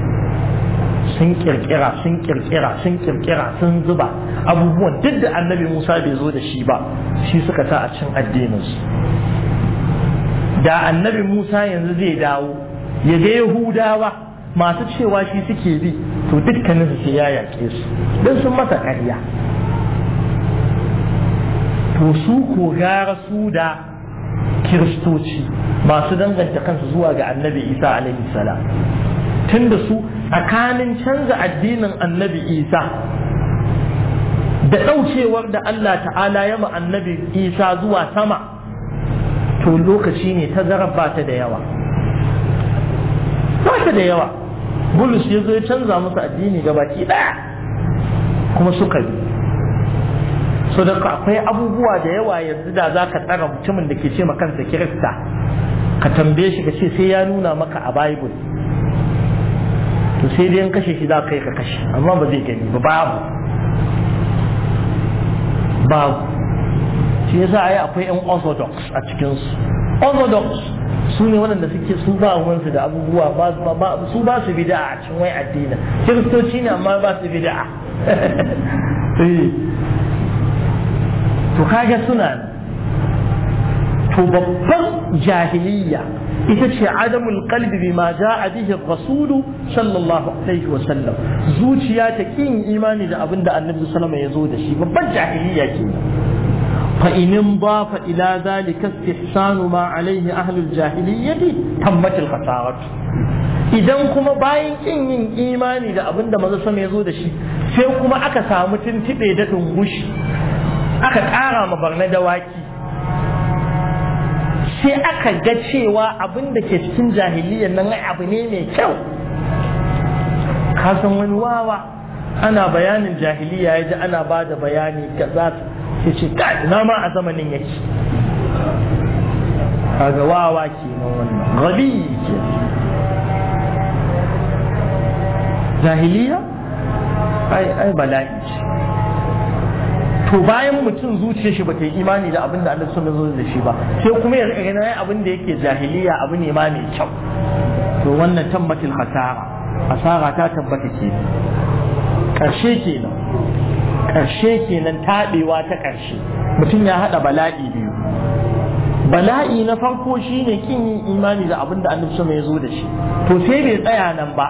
sun kirkira sun kirkira sun kirkira sun zuba abubuwan duk da annabi musa bai zo da shi ba shi suka sa a cin addininsu da annabi musa yanzu zai dawo ya ga yahudawa masu cewa shi suke bi to dukkaninsu sai ya yaƙe su don sun masa ƙarya to su ko gara su da kiristoci masu danganta kansu zuwa ga annabi isa alaihi salam tun su tsakanin canza addinin annabi isa da ɗaucewar da allah ta'ala ya ma annabi isa zuwa sama to lokaci ne ta ba ta da yawa ba ta da yawa bulus ya zo ya canza musu addini gabaki ɗaya kuma suka bi so da akwai abubuwa da yawa yanzu da za ka tsara mutumin da ke ce ma kansa kirista ka tambaye shi ka ce sai ya nuna maka a bible to sai dai kashe shi za ka yi ka kashe amma ba zai gani ba babu babu shi yasa ai akwai yan orthodox a cikinsu orthodox su ne waɗanda suke su ba wansu da abubuwa su ba su bida'a a cikin wai addini kiristoci ne amma ba su bida. [laughs] Eh. to kaga suna to babban jahiliya ita ce adamul qalbi bima jaa bihi rasulu sallallahu alaihi wa sallam zuciya ta kin imani da abin da annabi sallallahu alaihi ya zo da shi babban jahiliya ke fa inin ba fa ila zalika istihsanu ma alaihi ahlul jahiliyyati tammatil khasarat idan kuma bayan kin yin imani da abin da manzo sallallahu alaihi ya zo da shi sai kuma aka samu tuntube da dungushi aka ƙara ma barna dawaki sai aka ga cewa abin da ke cikin jahiliyyar nan abu ne mai kyau kasan wani wawa ana bayanin jahiliya ya ji ana ba da bayani ga za su ce ka ma a zamanin ya A kaga wawa ke nan wannan rabi ke jahiliya ai bala'i to bayan mutum zuciyar shi bata yi imani da abin da Allah sun zo da shi ba sai kuma ya rika ganin abin da yake jahiliya abu ne ma mai kyau to wannan tabbatin hasara Hasara ta tabbata ke Karshe kenan ƙarshe kenan taɓewa ta ƙarshe mutum ya haɗa bala'i biyu bala'i na farko shine kin yin imani da abin da annabi sama ya zo da shi to sai bai tsaya nan ba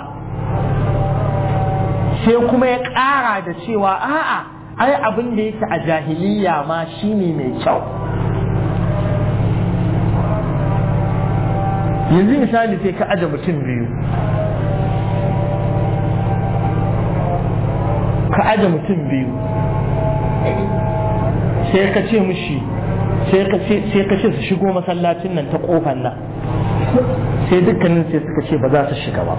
sai kuma ya ƙara da cewa a'a ai abin da yake a jahiliya ma shine mai kyau yanzu misali sai ka aje mutum biyu ka aje mutum biyu sai ka ce mushi sai ka ce su shigo masallacin nan ta kofar nan sai dukkanin sai suka ce ba za su shiga ba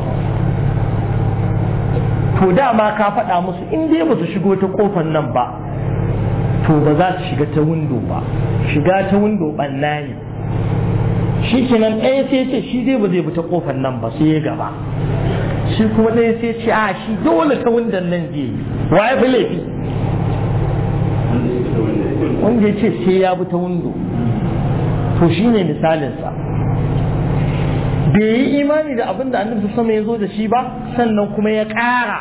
to dama ka faɗa musu in dai ba su shigo ta kofar nan ba to ba za su shiga ta windo ba shiga ta windo ɓanna ne shi kenan ɗaya sai ce shi dai ba zai bi ta kofar nan ba sai ya gaba shi kuma ɗaya sai ce a shi dole ta windon nan zai yi wa ya fi laifi wanda ya ce sai ya bi ta windo to shi ne misalinsa bai yi imani da abin da annabi sama ya zo da shi ba sannan kuma ya ƙara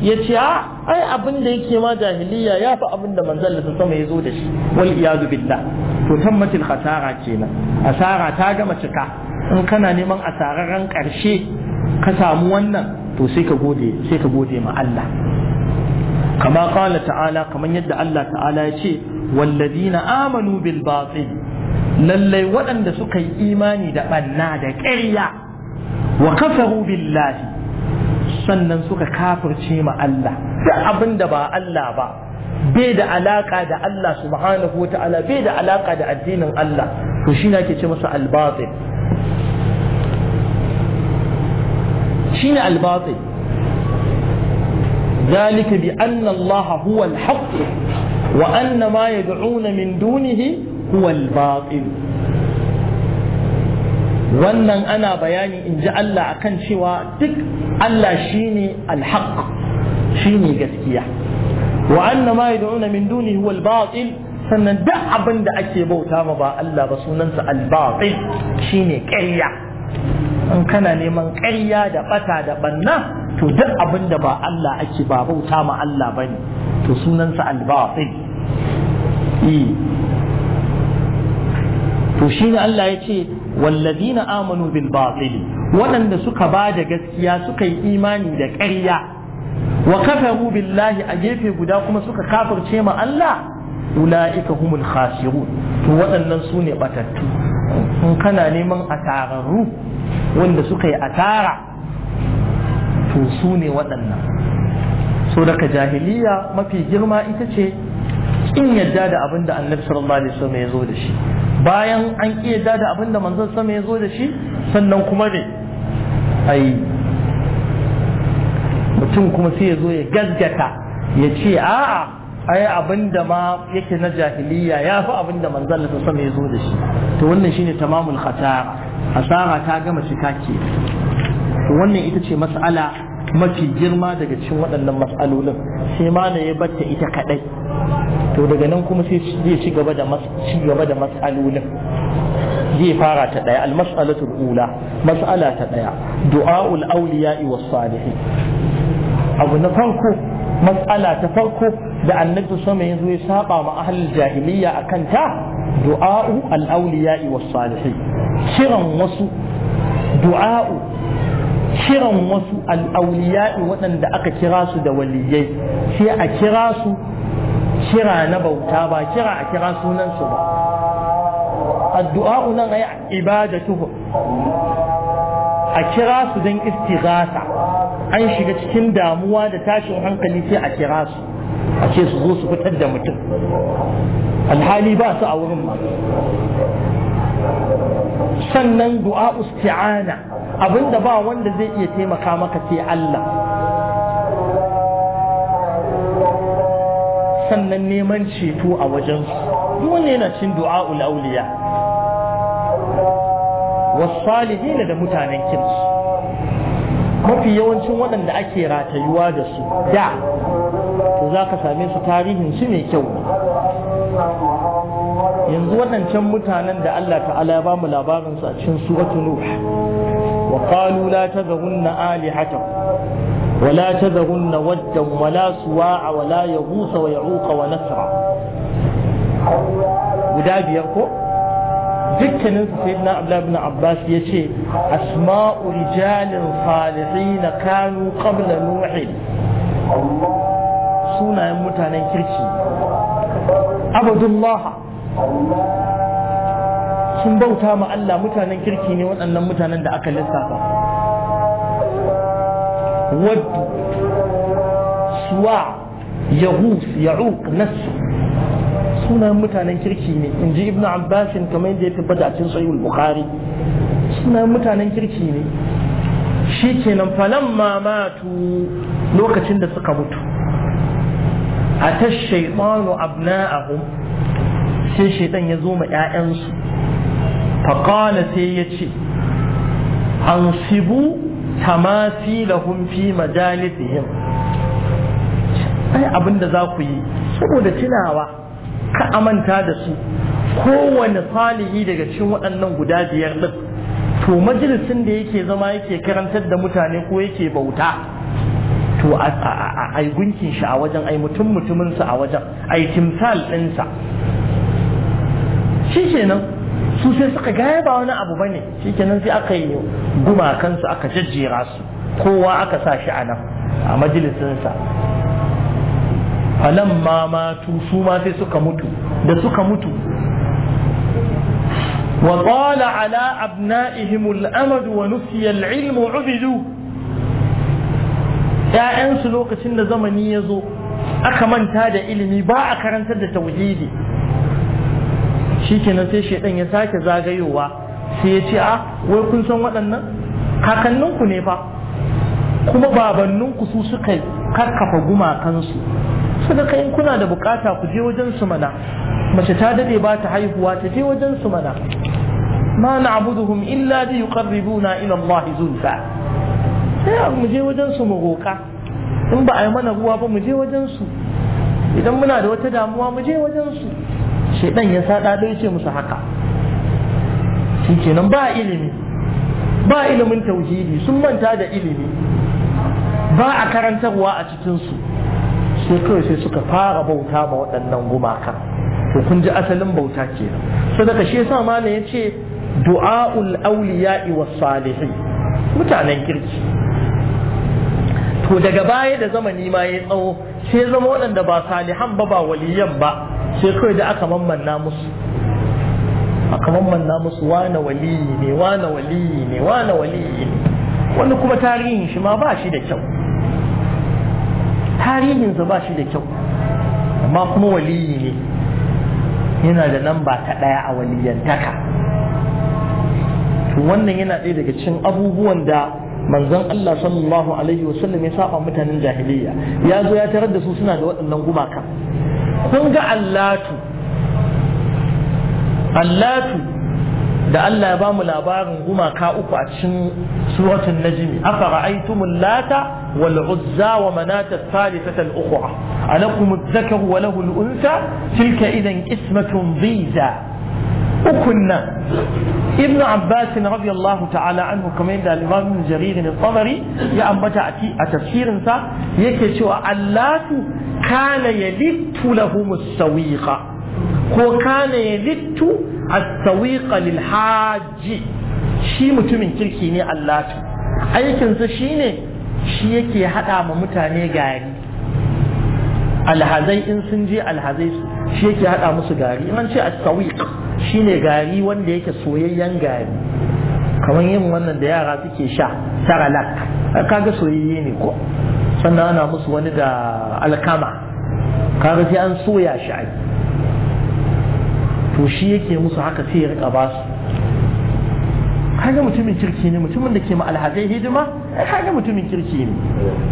ya ce a ah, ai abin da yake ma jahiliya ya fi abin da manzon sama ya zo da shi wal iyadu billah to tammatil khasara kenan asara ta gama cika in kana neman asararren ƙarshe ka samu wannan to sai ka gode sai ka gode ma Allah kama qala ta'ala kaman yadda Allah ta'ala ya ce wallazina amanu bil batil lallai waɗanda suka yi imani da ɓanna da ƙarya wa kafaru billahi sannan suka kafirce ma Allah da abin da ba Allah ba bai da alaka da Allah subhanahu wa ta'ala bai da alaka da addinin Allah to shi ne ake ce masa albatil shi ne albatil ذلك بأن الله هو الحق وأن ما يدعون من دونه huwa al wannan ana bayani in ji Allah a kan cewa duk Allah shi ne al shi ne gaskiya wa anna ma yad'una min duni huwa al-batil sannan duk abin da ake bauta ma ba Allah ba sunansa al-batil ne ƙarya in kana neman ƙarya da bata da banna to duk abin da ba Allah ake ba bauta ma Allah bane to sunansa al-batil eh. to shine Allah ya ce wallazina amanu bil batili waɗanda suka ba da gaskiya suka yi imani da ƙarya wa kafaru billahi a gefe guda kuma suka kafirce ma Allah ula'ika humul khasirun to waɗannan su ne batattu in kana neman asararru wanda suka yi asara to su ne waɗannan so daga jahiliya mafi girma ita ce kin yadda da abin da annabi sallallahu alaihi wasallam ya zo da shi bayan an ki yadda da abin da manzon sama ya zo da shi sannan kuma ne ai mutum kuma sai ya zo ya gaggata ya ce a'a ai abin da ma yake na jahiliya ya fi abin da manzon Allah sama ya zo da shi to wannan shine tamamul khasara asara ta gama cika ke wannan ita ce mas'ala mafi girma daga cikin waɗannan matsalolin sai mana ya batta ita kaɗai to daga nan kuma sai zai ci gaba da ci gaba da matsalolin zai fara ta ɗaya al-mas'alatul ula mas'ala ta ɗaya du'aul awliya'i was salihin abu na farko mas'ala ta farko da annabi sama yanzu ya saba ma ahlul jahiliya akan ta du'a'u al-awliya'i was salihin kiran wasu du'a'u kiran wasu al'auliya'i waɗanda aka kira su da waliyai sai a kira su kira na bauta ba kira a kira sunansu ba addu'a nan a yi ibadatuhu a kira su don istighasa an shiga cikin damuwa da tashin hankali sai a kira su a ce su zo su fitar da mutum alhali ba su a wurin ba. sannan du'a usti'ana abinda ba wanda zai iya taimaka maka sai Allah sannan neman ceto a su. duk wanda yana cin du'a'ul auliya wasalihin da mutanen kirki mafi yawancin waɗanda ake ratayuwa da su da to za ka same su tarihin su mai kyau yanzu waɗancan mutanen da Allah ta'ala ya ba mu su a cikin suratu nuh وقالوا لا تذرن آلهتكم ولا تذرن ودا ولا سواع ولا يغوث ويعوق ونسرا guda biyar ko dukkanin na sayyidina Abdullah ibn Abbas yace asma'u rijalin na kanu qabla nuh sunayen mutanen kirki abdullah sun bauta ma Allah mutanen kirki ne waɗannan mutanen da aka lissafa wad suwa yahus ya'uq nasu sunan mutanen kirki ne in ji ibn abbasin kamar yadda ya tabbata cikin sahihul bukhari sunan mutanen kirki ne shikenan falan mamatu lokacin da suka mutu a ta shaitanu abna'ahum sai shaitan ya zo ma 'ya'yansu sai فقال سيتشي أنصبوا تماثيلهم في مجالسهم أي أبن Ka a manta da su kowane salihi daga cikin waɗannan guda biyar ɗin to majalisin da yake zama yake karantar da mutane ko yake bauta to a gunkin shi a wajen ai mutum mutuminsa a wajen ai timsal ɗinsa shi kenan su sai suka gaya ba wani abu bane shikenan sai aka yi gumakansu aka jajjera su kowa aka sa shi a nan a majalisinsa falan ma ma sai suka mutu da suka mutu wa ala abna'ihim al-amad wa nusiya al-ilm ubidu ya'yansu lokacin da zamani ya zo aka manta da ilimi ba a karantar da tauhidi shi kenan sai shaidan ya sake zagayowa sai ya ce a wai kun san waɗannan kakanninku ne fa kuma babanninku su suka karkafa gumakansu suka kai kuna da bukata ku je wajen su mana mace ta dade ba ta haihuwa ta je wajen su mana ma na'buduhum illa li yuqarribuna ila Allah zulfa sai mu je wajen su mu roka in ba a yi mana ruwa ba muje je wajen su idan muna da wata damuwa muje je wajen su shaidan ya sada ya ce musu haka kenan ba ilimi ba ilimin tauhidi sun manta da ilimi ba a karantarwa a cikinsu sai kawai sai suka fara bauta ma waɗannan gumaka to kun ji asalin bauta ke sadaka shi yasa ne ya ce du'a'ul awliya'i was salihin mutanen kirki to daga baya da zamani ma ya tsawo sai zama waɗanda ba salihan ba ba waliyan ba sai kawai da aka mammanna musu aka mammanna musu wane waliyi ne wane waliyi ne wane waliyi ne wani kuma tarihin shi ma ba shi da kyau tarihinsa ba shi da kyau amma kuma waliyi ne yana da lamba ta ɗaya a waliyantaka wannan yana ɗaya daga cikin abubuwan da manzon Allah sallallahu alaihi wasallam ya saba mutanen jahiliya ya zo ya tarar da su suna da waɗannan gumaka kun ga allatu allatu da Allah ya ba mu labarin gumaka uku a cikin suratul najmi afara'aytumul lata wal uzza wa manata thalithata al ukhra alakum adh-dhakaru wa lahu al unsa tilka idan qismatun dhiza ukun nan ibn abbas radiyallahu ta'ala anhu kamar da al jaririn ibn ya ambata a tafsirin sa yake cewa allatu kana yalittu lahum as ko kana yalittu as-sawiqa lil haji shi mutumin kirki ne allatu aikinsa shine shi yake haɗa ma mutane gari alhazai in sun je alhazai shi yake haɗa musu gari in ce as shine gari wanda yake soyayyen gari kamar yin wannan da yara suke sha saralak kaga soyayye ne ko sannan ana musu wani da alkama kaga sai an soya shi ai to shi yake musu haka sai ya rika basu kaga mutumin kirki ne mutumin da ke ma hidima kaga mutumin kirki ne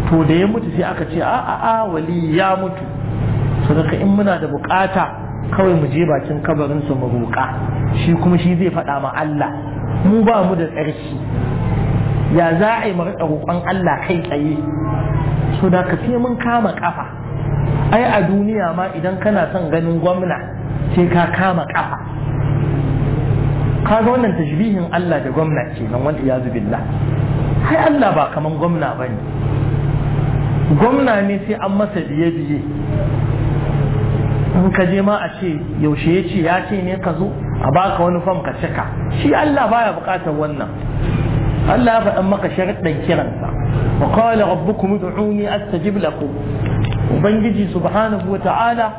to da ya mutu sai aka ce a a a wali ya mutu sadaka in muna da bukata kawai mu je bakin kabarin su mu roƙa shi kuma shi zai faɗa ma Allah mu ba mu da tsarki ya za a yi mu roƙon Allah kai tsaye so da ka fiye mun kama kafa ai a duniya ma idan kana son ganin gwamna sai ka kama kafa kaga wannan tashbihin Allah da gwamna kenan wani iyazu billah ai Allah ba kaman gwamna bane gwamna ne sai an masa biye biye in ka je ma a ce yaushe ya ce ya ce ne ka zo a baka wani fam ka cika shi Allah baya bukatar wannan Allah ya faɗan maka sharaɗin kiransa wa qala rabbukum ud'uni astajib lakum ubangiji subhanahu wa ta'ala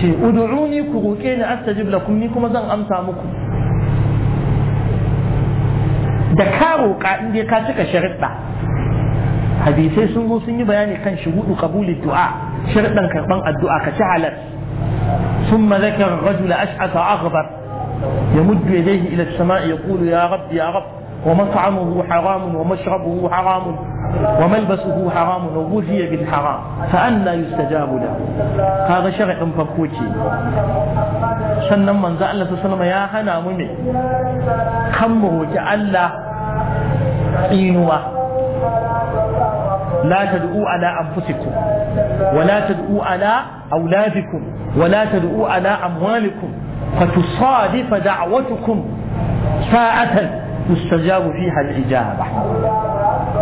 ce ud'uni ku roke ni astajib lakum ni kuma zan amsa muku da ka roƙa in dai ka cika sharaɗa hadisai sun zo sun yi bayani kan shuhudu qabuli du'a sharaɗin karban addu'a ka ci halal ثم ذكر الرجل أشعث أغبر يمد يديه إلى السماء يقول يا رب يا رب ومطعمه حرام ومشربه حرام وملبسه حرام وغذي بالحرام فأنا يستجاب له هذا شرع فكوتي sannan manzo Allah sallama يا hana mu ne kan mu لا تدعوا على أنفسكم ولا تدعوا على أولادكم ولا تدعوا على أموالكم فتصادف دعوتكم ساعة يستجاب فيها الإجابة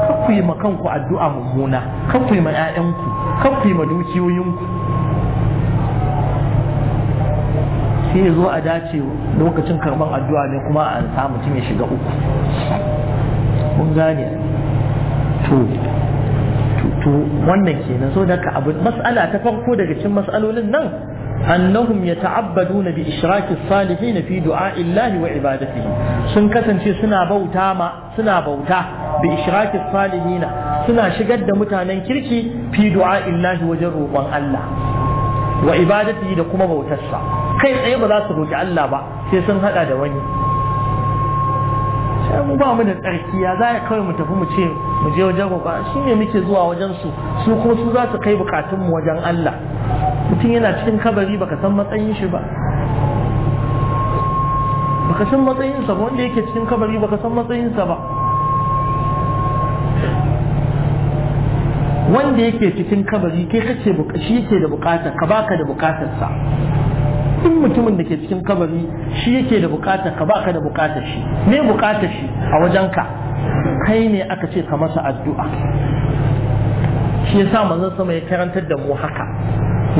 kakwai ma kanku addu'a mummuna kakwai ma 'ya'yanku kakwai ma dukiyoyinku sai ya zo a dace lokacin karban addu'a ne kuma a samu mutum ya shiga uku mun gane to to wannan kenan so da abu mas'ala ta farko daga cikin mas'alolin nan annahum yata'abbaduna bi ishraki salihin fi du'a'i Allah wa ibadatihi sun kasance suna bauta ma suna bauta bi ishraki salihin suna shigar da mutanen kirki fi du'a'i Allah wajen roƙon Allah wa ibadatihi da kuma bautarsa kai tsaye ba za su roƙi Allah ba sai sun hada da wani sai mu ba mu da tsarki ya za kawai mu tafi mu ce mu je wajen roƙa shi ne muke zuwa wajen su su kuma su za su kai bukatun mu wajen Allah mutum yana cikin kabari baka san matsayin shi ba baka san sa ba wanda yake cikin kabari baka san matsayin sa ba wanda yake cikin kabari kai kace shi yake da bukata ka baka da bukatarsa duk mutumin da ke cikin kabari shi yake da bukatar ka baka da bukatar shi me bukatar shi a wajenka kai ne aka ce ka masa addu'a shi yasa manzon sama ya karantar da mu haka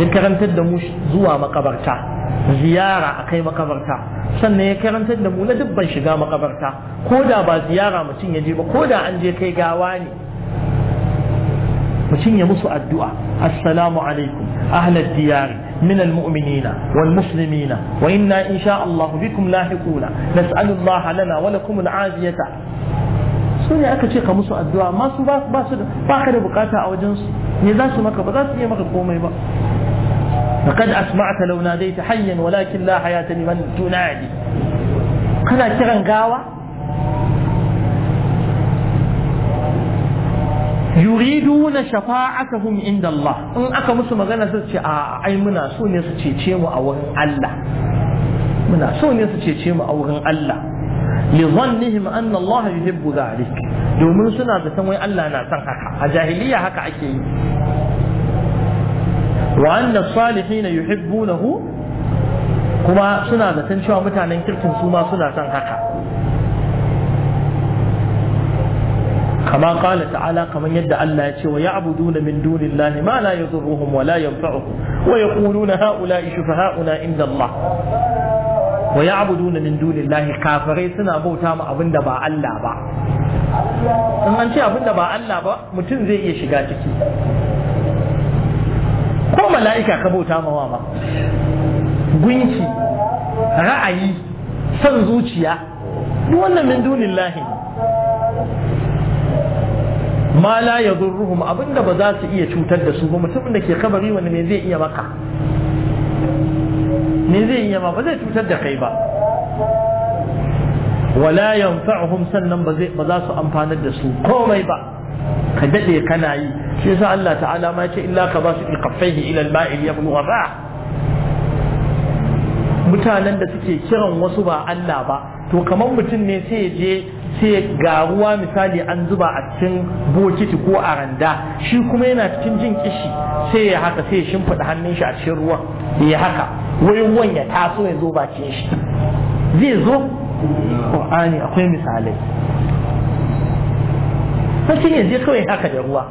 ya karantar da mu zuwa makabarta ziyara a kai makabarta sannan ya karantar da mu na dubban shiga makabarta ko da ba ziyara mutum ya je ba ko da an je kai gawa ne mutum ya musu addu'a assalamu alaikum ahlad diyari من المؤمنين والمسلمين وإنا إن شاء الله بكم لاحقون نسأل الله لنا ولكم العافية Sun ne aka ce ka musu addu'a amma ba su ba ka da bukata a wajensu. su ne za su maka ba za su iya maka komai ba laqad asma'ta law ta hayyan walakin la hayata liman tunadi kana kiran gawa yuriduna shafa'atahum inda Allah in aka musu magana su ce a ai muna so ne su cece mu a wurin Allah muna so ne su cece mu a wurin Allah li zannihim anna Allah yuhibbu dhalik domin suna da san wai Allah na son haka a jahiliya haka ake yi wa anna salihin yuhibbunahu kuma suna da san cewa mutanen kirkin su ma suna son haka kama qala ta'ala kaman yadda Allah ya ce wa ya'buduna min dunillahi ma la yadhurruhum wa la yanfa'uhum wa yaquluna ha'ula'i shufaha'una inda Allah wa ya'buduna min dunillahi kafirai suna bauta ma abinda ba Allah ba in an ce ba Allah ba mutum zai iya shiga ciki ko mala'ika ka bauta mawa gunki ra'ayi son zuciya duk wannan min ma la yadurruhum abinda ba za su iya cutar da su ba mutumin da ke kabari wani me zai iya maka ne zai iya ma ba zai cutar da kai ba wala yanfa'uhum sannan ba zai ba za su amfanar da su komai ba ka dade kana yi shi yasa Allah ta'ala ma ce illa ka basu iqaffaihi ila al-ma'il yablugha ba mutanen da suke kiran wasu ba Allah ba to kamar mutum ne sai ya je sai ga ruwa misali an zuba a cikin bokiti ko a randa shi kuma yana cikin jin kishi sai ya haka sai ya shimfiɗa hannun shi a cikin ruwan ya haka wai ruwan ya taso ya zo bakin shi zai zo Al-Qur'ani akwai misalai mutum ya je kawai haka da ruwa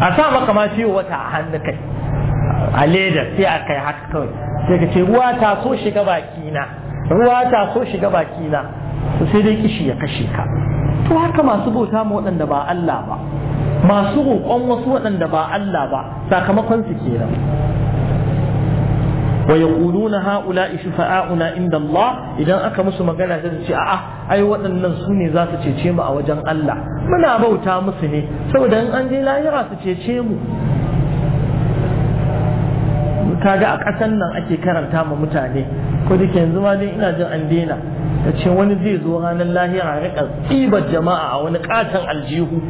a sa maka ma ciwo wata a hannu kai a leda sai a kai haka kawai sai ka ce ruwa taso shiga bakina ruwa ta so shiga baki na sai dai kishi ya kashe ka to haka masu bauta mu waɗanda ba Allah ba masu roƙon wasu waɗanda ba Allah ba sakamakon su kenan wa yaquluna ha'ula shufa'auna inda Allah idan aka musu magana sai su ce a'a ai waɗannan su ne za su cece mu a wajen Allah muna bauta musu ne saboda in an je lahira su cece mu ga a ƙasan nan ake karanta ma mutane ko da yanzu ma dai ina jin an daina ta ce wani zai zo ranar lahira ya riƙa tsibar jama'a a wani ƙaton aljihu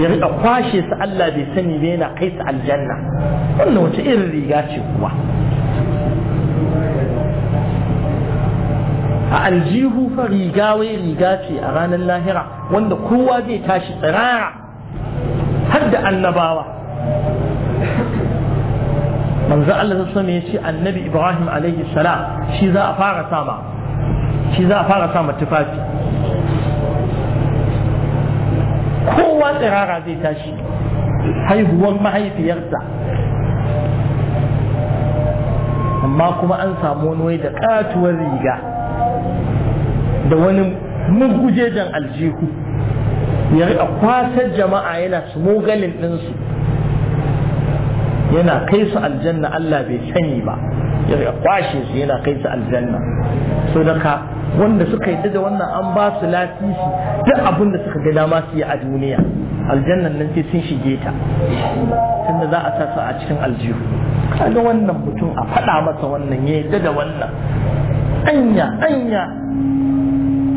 ya riƙa kwashe su Allah bai sani ba yana kai su aljanna wannan wata irin riga ce kuwa a aljihu fa riga wai riga ce a ranar lahira wanda kowa zai tashi tsirara har da annabawa manzo Allah ta ya ce annabi Ibrahim alaihi salam shi za a fara sama shi za a fara sama tufafi kowa tsirara zai tashi haihuwar mahaifiyarsa amma kuma an samu wani da katuwar riga da wani mugujejen aljihu ya riƙa kwasar jama'a yana smogalin ɗinsu yana kai su aljanna Allah bai sani ba ya kwashe su yana kai su aljanna so daga wanda suka yi da wannan an ba su lasisi duk abin da suka ga dama su yi a duniya aljannan nan sai sun shige ta tunda za a sasa a cikin aljihu kaga wannan mutum a faɗa masa wannan ya yadda da wannan anya anya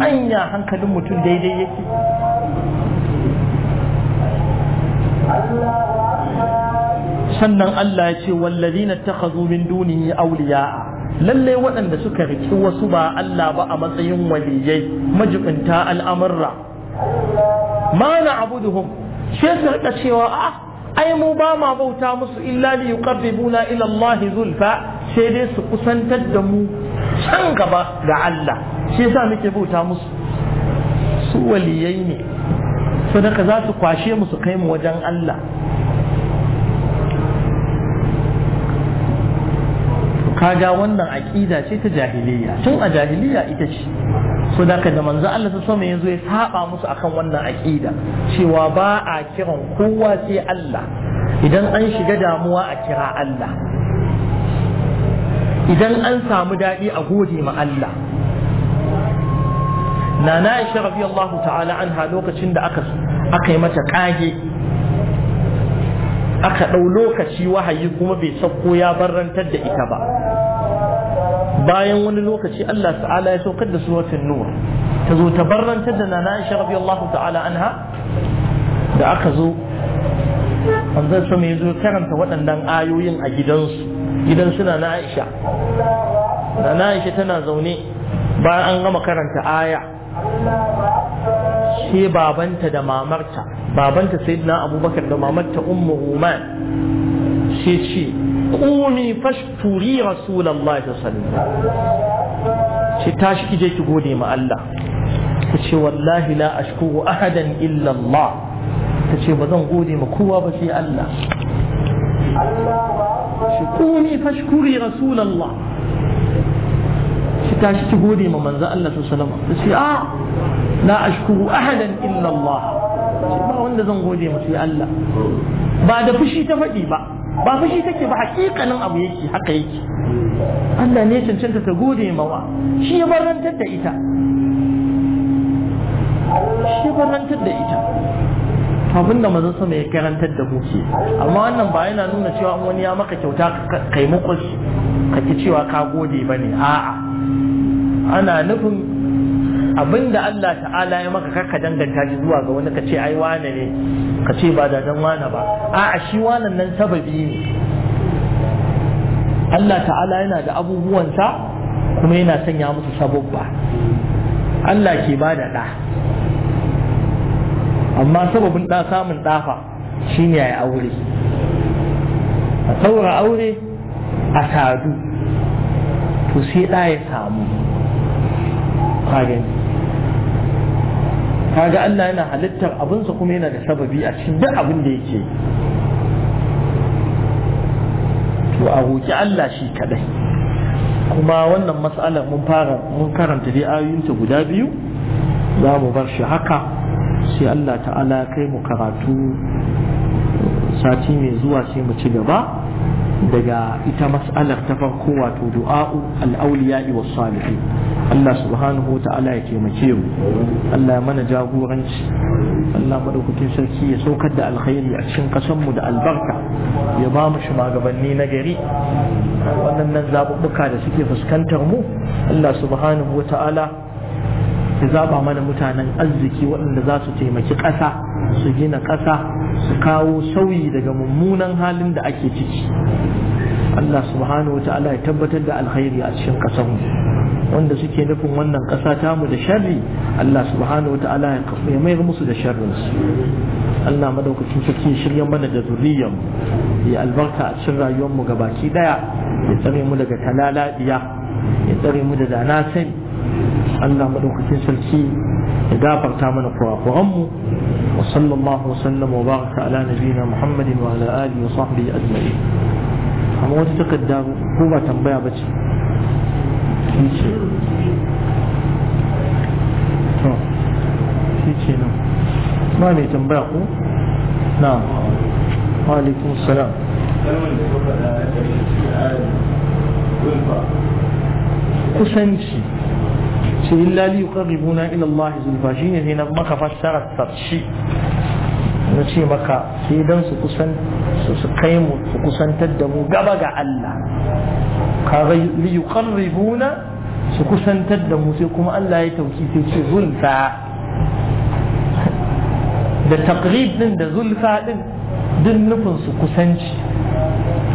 anya hankalin mutum daidai yake Allah sannan Allah ya ce wallazina takhadhu min dunihi awliya lalle waɗanda suka riki wasu ba Allah ba a matsayin waliyai majibinta al'amurra ma na abuduhum sai su rika cewa a ai mu ba ma bauta musu illa li yuqarribuna ila Allah zulfa sai dai su kusantar da mu can gaba ga Allah Sai yasa muke bauta musu su waliyai ne sadaka za su kwashe mu su kai mu wajen Allah kaga wannan aƙida ce ta jahiliya tun a jahiliya ita ce so da da manzo Allah ta sama yanzu ya saba musu akan wannan aƙida cewa ba a kiran kowa sai Allah idan an shiga damuwa a kira Allah idan an samu daɗi a gode ma Allah nana Aisha radiyallahu ta'ala anha lokacin da aka aka yi mata kage aka ɗau lokaci wahayi kuma bai sauko ya barantar da ita ba bayan wani lokaci Allah ta'ala ya saukar da suratul nur ta zo ta barrantar da nana Aisha radiyallahu ta'ala anha da aka zo manzon sama ya zo karanta waɗannan ayoyin a gidansu gidan suna na Aisha nana Aisha tana zaune bayan an gama karanta aya sai babanta da mamarta babanta sayyidina Abubakar da mamarta ummu Ruman sai ce قومي فاشكري رسول الله صلى الله عليه وسلم tashi kije ki gode Allah ta ce wallahi la ashkuru ahadan illa ta ce ba zan gode ma ba sai Allah shi fashkuri rasulullah ta ce ah, la ashkuru ahadan illa ba da fushi ta faɗi ba ba fushi shi take ba hakikanin abu yake haka yake Allah ne cancanta ta gode mawa shi ya barantar da ita shi ya barantar da ita abin da mazan sama ya karantar da muke amma wannan ba yana nuna cewa wani ya maka kyauta kai mukus ka ki cewa ka gode ba ne a'a ana nufin abinda Allah ta'ala ya maka kaka danganta shi zuwa ga wani ka ce ai wane ne ka ce ba da dan wane ba a'a shi wannan nan sababi ne Allah ta'ala yana da abubuwansa kuma yana sanya musu sababba Allah ke ba da ɗa amma sababin da samun ɗafa shine ya yi aure a saura aure a sadu to sai ɗa ya samu kagani kaga Allah yana halittar abinsa kuma yana da sababi a cikin duk abin da yake to a roki Allah shi kadai kuma wannan matsalar mun fara mun karanta dai ayoyinta guda biyu za mu bar shi haka sai Allah ta'ala kai mu karatu sati mai zuwa sai mu ci gaba daga ita mas'alar ta farko wato du'a'u al awliya wa salihin Allah subhanahu ta'ala ya taimake mu Allah ya mana jagoranci Allah madaukakin sarki ya saukar da alkhairi a cikin kasan mu da albarka ya ba mu shugabanni na gari nan zabubuka da suke fuskantar mu Allah subhanahu ta'ala ya zaba mana mutanen arziki waɗanda za su taimaki ƙasa su gina ƙasa su kawo sauyi daga mummunan halin da ake ciki Allah subhanahu wa ta'ala ya tabbatar da alkhairi a cikin ƙasar mu wanda suke nufin wannan ƙasa ta mu da sharri Allah subhanahu wa ta'ala ya mayar musu da sharrinsu Allah madaukakin sarki ya shirya mana da zuriyar ya albarka a cikin rayuwar mu gabaki daya ya tsare mu daga talaladiya ya tsare mu da dana sani Allah madaukakin sarki ya gafarta mana kurakuran mu wa sallallahu wa sallama wa baraka ala nabiyina Muhammadin wa ala alihi wa sahbihi ajma'in amma wata takarda ko ba tambaya ba tambaya ko wa alaikum salam kusanci ce illa li yuqarribuna ila Allah zulfa shine sai na maka fassara tafshi na ce maka sai dan su kusan su su kai mu su kusantar da mu gaba ga Allah ka li yuqarribuna su kusantar da mu sai kuma Allah ya tauki sai ce zulfa da taqrib din da zulfa din din nufin su kusanci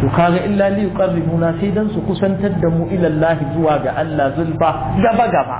to kaga illa li yuqarribuna sai dan su kusantar da mu ila Allah zuwa ga Allah zulfa gaba gaba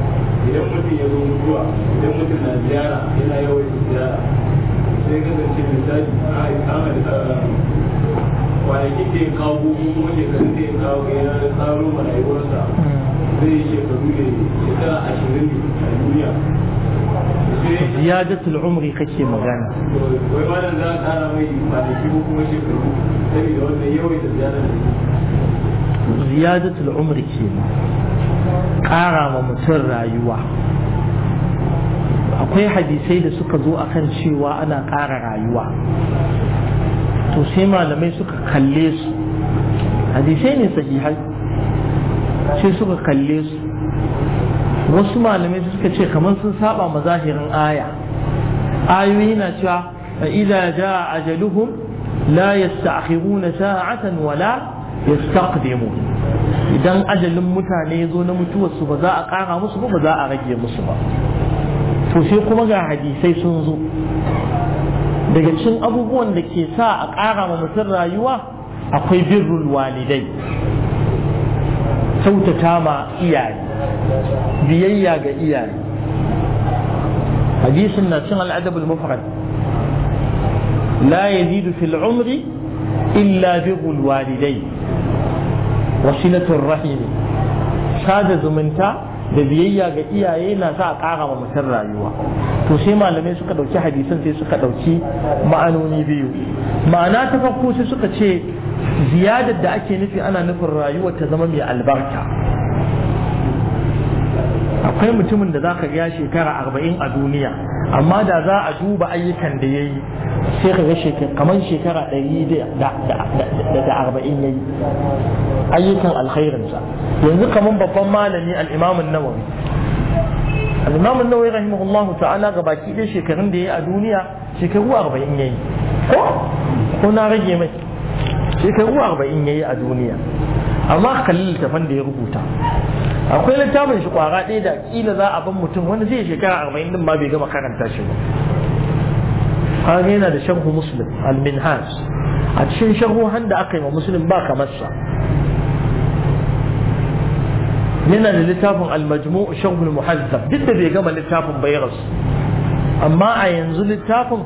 idan mutum ya zo mutuwa idan mutum na ziyara yana yawan ziyara sai kasance misali a kama da kwanaki da ya kawo kuma shekarun da ya kawo yana da tsaro ma rayuwarsa zai yi shekaru da shekara ashirin a duniya ziyadatul umri kake magana wai nan za a kara mai kwanaki ko kuma shekaru saboda wannan yawaita ziyadatul ƙara wa mutum rayuwa akwai hadisai da suka zo akan cewa ana ƙara rayuwa to sai malamai suka kalle su hadisai ne sahihai sai suka kalle su wasu malamai suka ce kamar sun saba mazahirin aya ayoyi na cewa ila jaa ajaluhum la yasta'khiruna sa'atan wala yastaqdimun idan ajalin mutane ya zo na mutuwarsu ba za a ƙara musu ba ba za a rage musu ba to sai kuma ga hadisai sun zo daga cikin abubuwan da ke sa a ƙara ma mutum rayuwa akwai birrul walidai kyautata ma iyaye biyayya ga iyaye hadisin na cin al'adabul mufrad la yazidu fil umri illa birrul walidai wasilatul rahimi sada zumunta da biyayya ga iyaye na sa a ƙara wa mutum rayuwa to sai malamai suka ɗauki hadisan sai suka ɗauki ma'anoni biyu ma'ana ta farko sai suka ce ziyadar da ake nufi ana nufin rayuwa ta zama mai albarka akwai mutumin da za ka ga shekara arba'in a duniya amma da za a duba ayyukan da ya yi sai ka ga kamar shekara ɗari da arba'in ya yi ayyukan alkhairinsa yanzu kamar babban malami al'imamun nawawi al'imamun nawawi rahimahullahu ta'ala ga baki ɗaya shekarun da ya yi a duniya shekaru arba'in ya yi ko na rage mai shekaru arba'in ya yi a duniya amma kalli littafan da ya rubuta akwai littafin shi kwara ɗaya da ƙila za a ban mutum wanda zai shekara arba'in din ma bai gama karanta shi ba kaga yana da sharhu muslim al-minhaj a cikin sharhohan da aka yi wa muslim ba kamar sa yana da littafin al-majmu' sharhul muhazzab duk da bai gama littafin bai rasu amma a yanzu littafin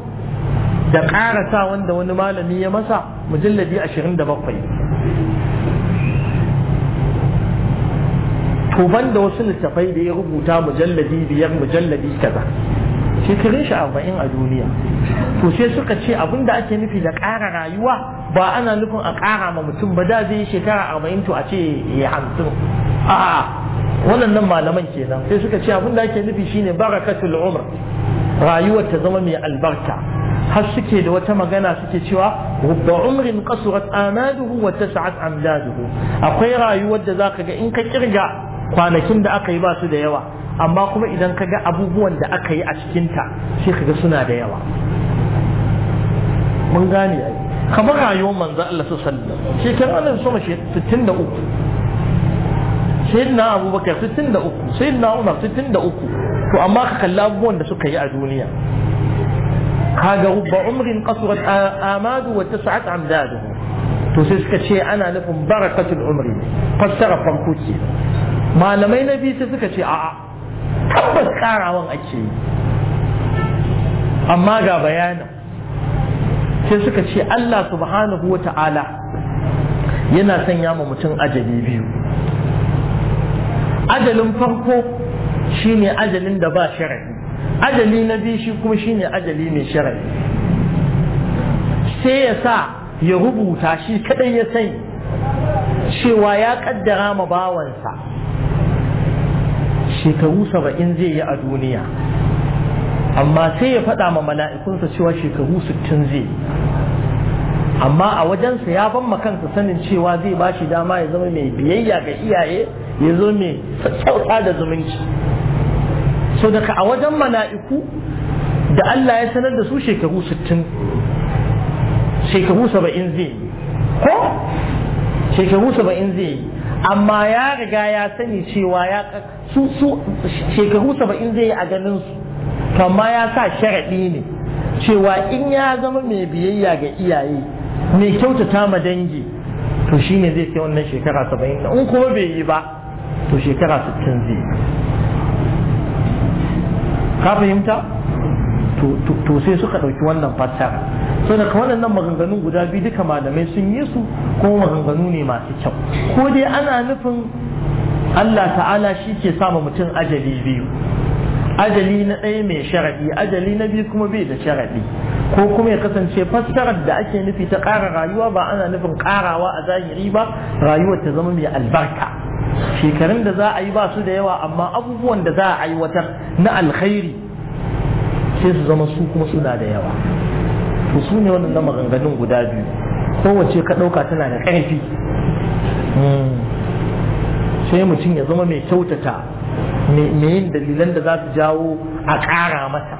da ƙarasa wanda wani malami ya masa mujalladi bakwai. to da wasu littafai da ya rubuta mujalladi biyar mujalladi kaza shekarun shi arba'in a duniya to sai suka ce abin da ake nufi da ƙara rayuwa ba ana nufin a ƙara ma mutum ba da zai yi shekara arba'in to a ce ya hamsin a'a nan malaman kenan sai suka ce abin da ake nufi shine barakatul Umar. rayuwar ta zama mai albarka har suke da wata magana suke cewa rubba umrin qasurat amaduhu wa tas'at amdaduhu akwai rayuwar da zaka ga in ka kirga kwanakin da aka yi ba su da yawa amma kuma idan ka ga abubuwan da aka yi a cikinta sai ka ga suna da yawa mun gane ai kamar rayuwar manzo Allah su sallam shekarar Allah sama 63 sayyidina Abubakar sittin da 63 sayyidina Umar sittin da uku to amma ka kalli abubuwan da suka yi a duniya kaga rubba umrin qasrat amadu wa tas'at amdadu to sai suka ce ana nufin barakatul umri fassara farko ce malamai na biyu sai suka ce a'a tabbas karawan ake yi amma ga bayanin sai suka ce Allah subhanahu wa ta'ala yana sanya ma mutum ajali biyu ajalin farko shine ajalin da ba shari'i ajali na biyu shi kuma shine ajali mai shari'i sai ya sa ya rubuta shi kadai ya sani cewa ya kaddara ma bawansa shekaru saba'in zai yi a duniya amma sai ya faɗa ma mala'ikunsa cewa shekaru sittin zai amma a wajensa ya ban kansa sanin cewa zai ba shi dama ya zama mai biyayya ga iyaye ya zo mai kyauta da zumunci so daga a wajen mala'iku da Allah ya sanar da su shekaru sittin shekaru saba'in zai yi ko shekaru saba'in zai yi amma ya riga ya sani cewa ya su su shekaru saba'in zai yi a ganin su amma ya sa sharaɗi ne cewa in ya zama mai biyayya ga iyaye mai kyautata ma dangi to shine zai sai wannan shekara saba'in in kuma bai yi ba to shekara sittin zai ka fahimta to sai suka ɗauki wannan fassara so daga waɗannan maganganun guda biyu duka malamai sun yi su kuma maganganu ne masu kyau ko dai ana nufin Allah ta'ala shi ke sama mutum ajali biyu ajali na ɗaya mai sharaɗi ajali na biyu kuma bai da sharaɗi ko kuma ya kasance fassarar da ake nufi ta ƙara rayuwa ba ana nufin ƙarawa a zahiri ba rayuwar ta zama mai albarka shekarun da za a yi ba su da yawa amma abubuwan da za a aiwatar na alkhairi sai su zama su kuma suna da yawa to su ne wannan maganganun guda biyu kowace ka ɗauka tana da ƙarfi hmm. sai mutum ya zama mai kyautata mai yin dalilan da za su jawo a ƙara masa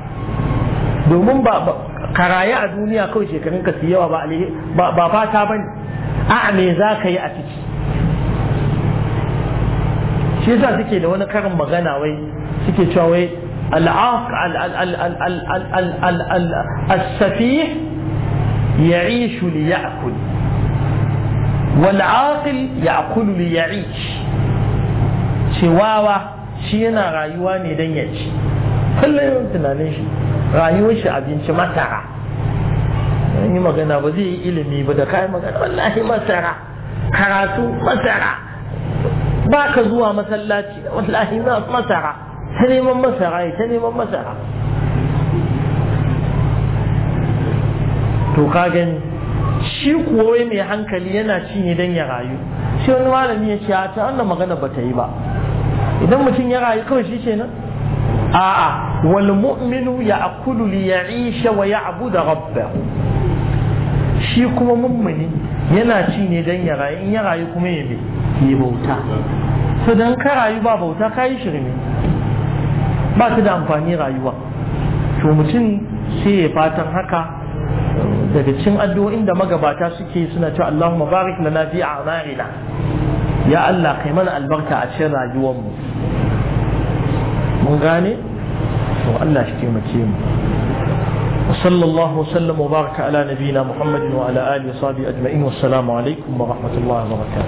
domin ba karaye a duniya kawai shekarun ka su yawa ba fata ba ne a me za ka yi a ciki shi yasa suke da wani karin magana wai suke cewa wai العاق السفيه يعيش ليأكل والعاقل يأكل ليعيش شواوا شي يانا رايوا كل يوم تنانين شي رايوا شي ابين شي ماتارا ني ماغانا بزي علمي بدا كاي ماغانا والله ماتارا كراتو ماتارا باكا زوا مسلاتي والله ما ماتارا ta neman masara ya ta neman masara to ka gani shi kuwa wai mai hankali yana ci ne don ya rayu shi wani malami ya ce a ta wannan magana ba ta yi ba idan mutum ya rayu kawai shi kenan a'a wal mu'minu ya ya'kulu li ya wa da Rabba? shi kuma mummuni yana ci ne don ya rayu in ya rayu kuma ya bi ya bauta to don ka rayu ba bauta ka yi shirme ba su da amfani rayuwa to mutum sai ya fatan haka daga cin addu'o'in da magabata suke suna cewa Allahumma barik lana fi a'malina ya Allah kai mana albarka a cikin rayuwar mu mun gane to Allah shi taimake mu صلى الله وسلم وبارك على نبينا محمد وعلى اله وصحبه اجمعين alaikum wa ورحمه wa وبركاته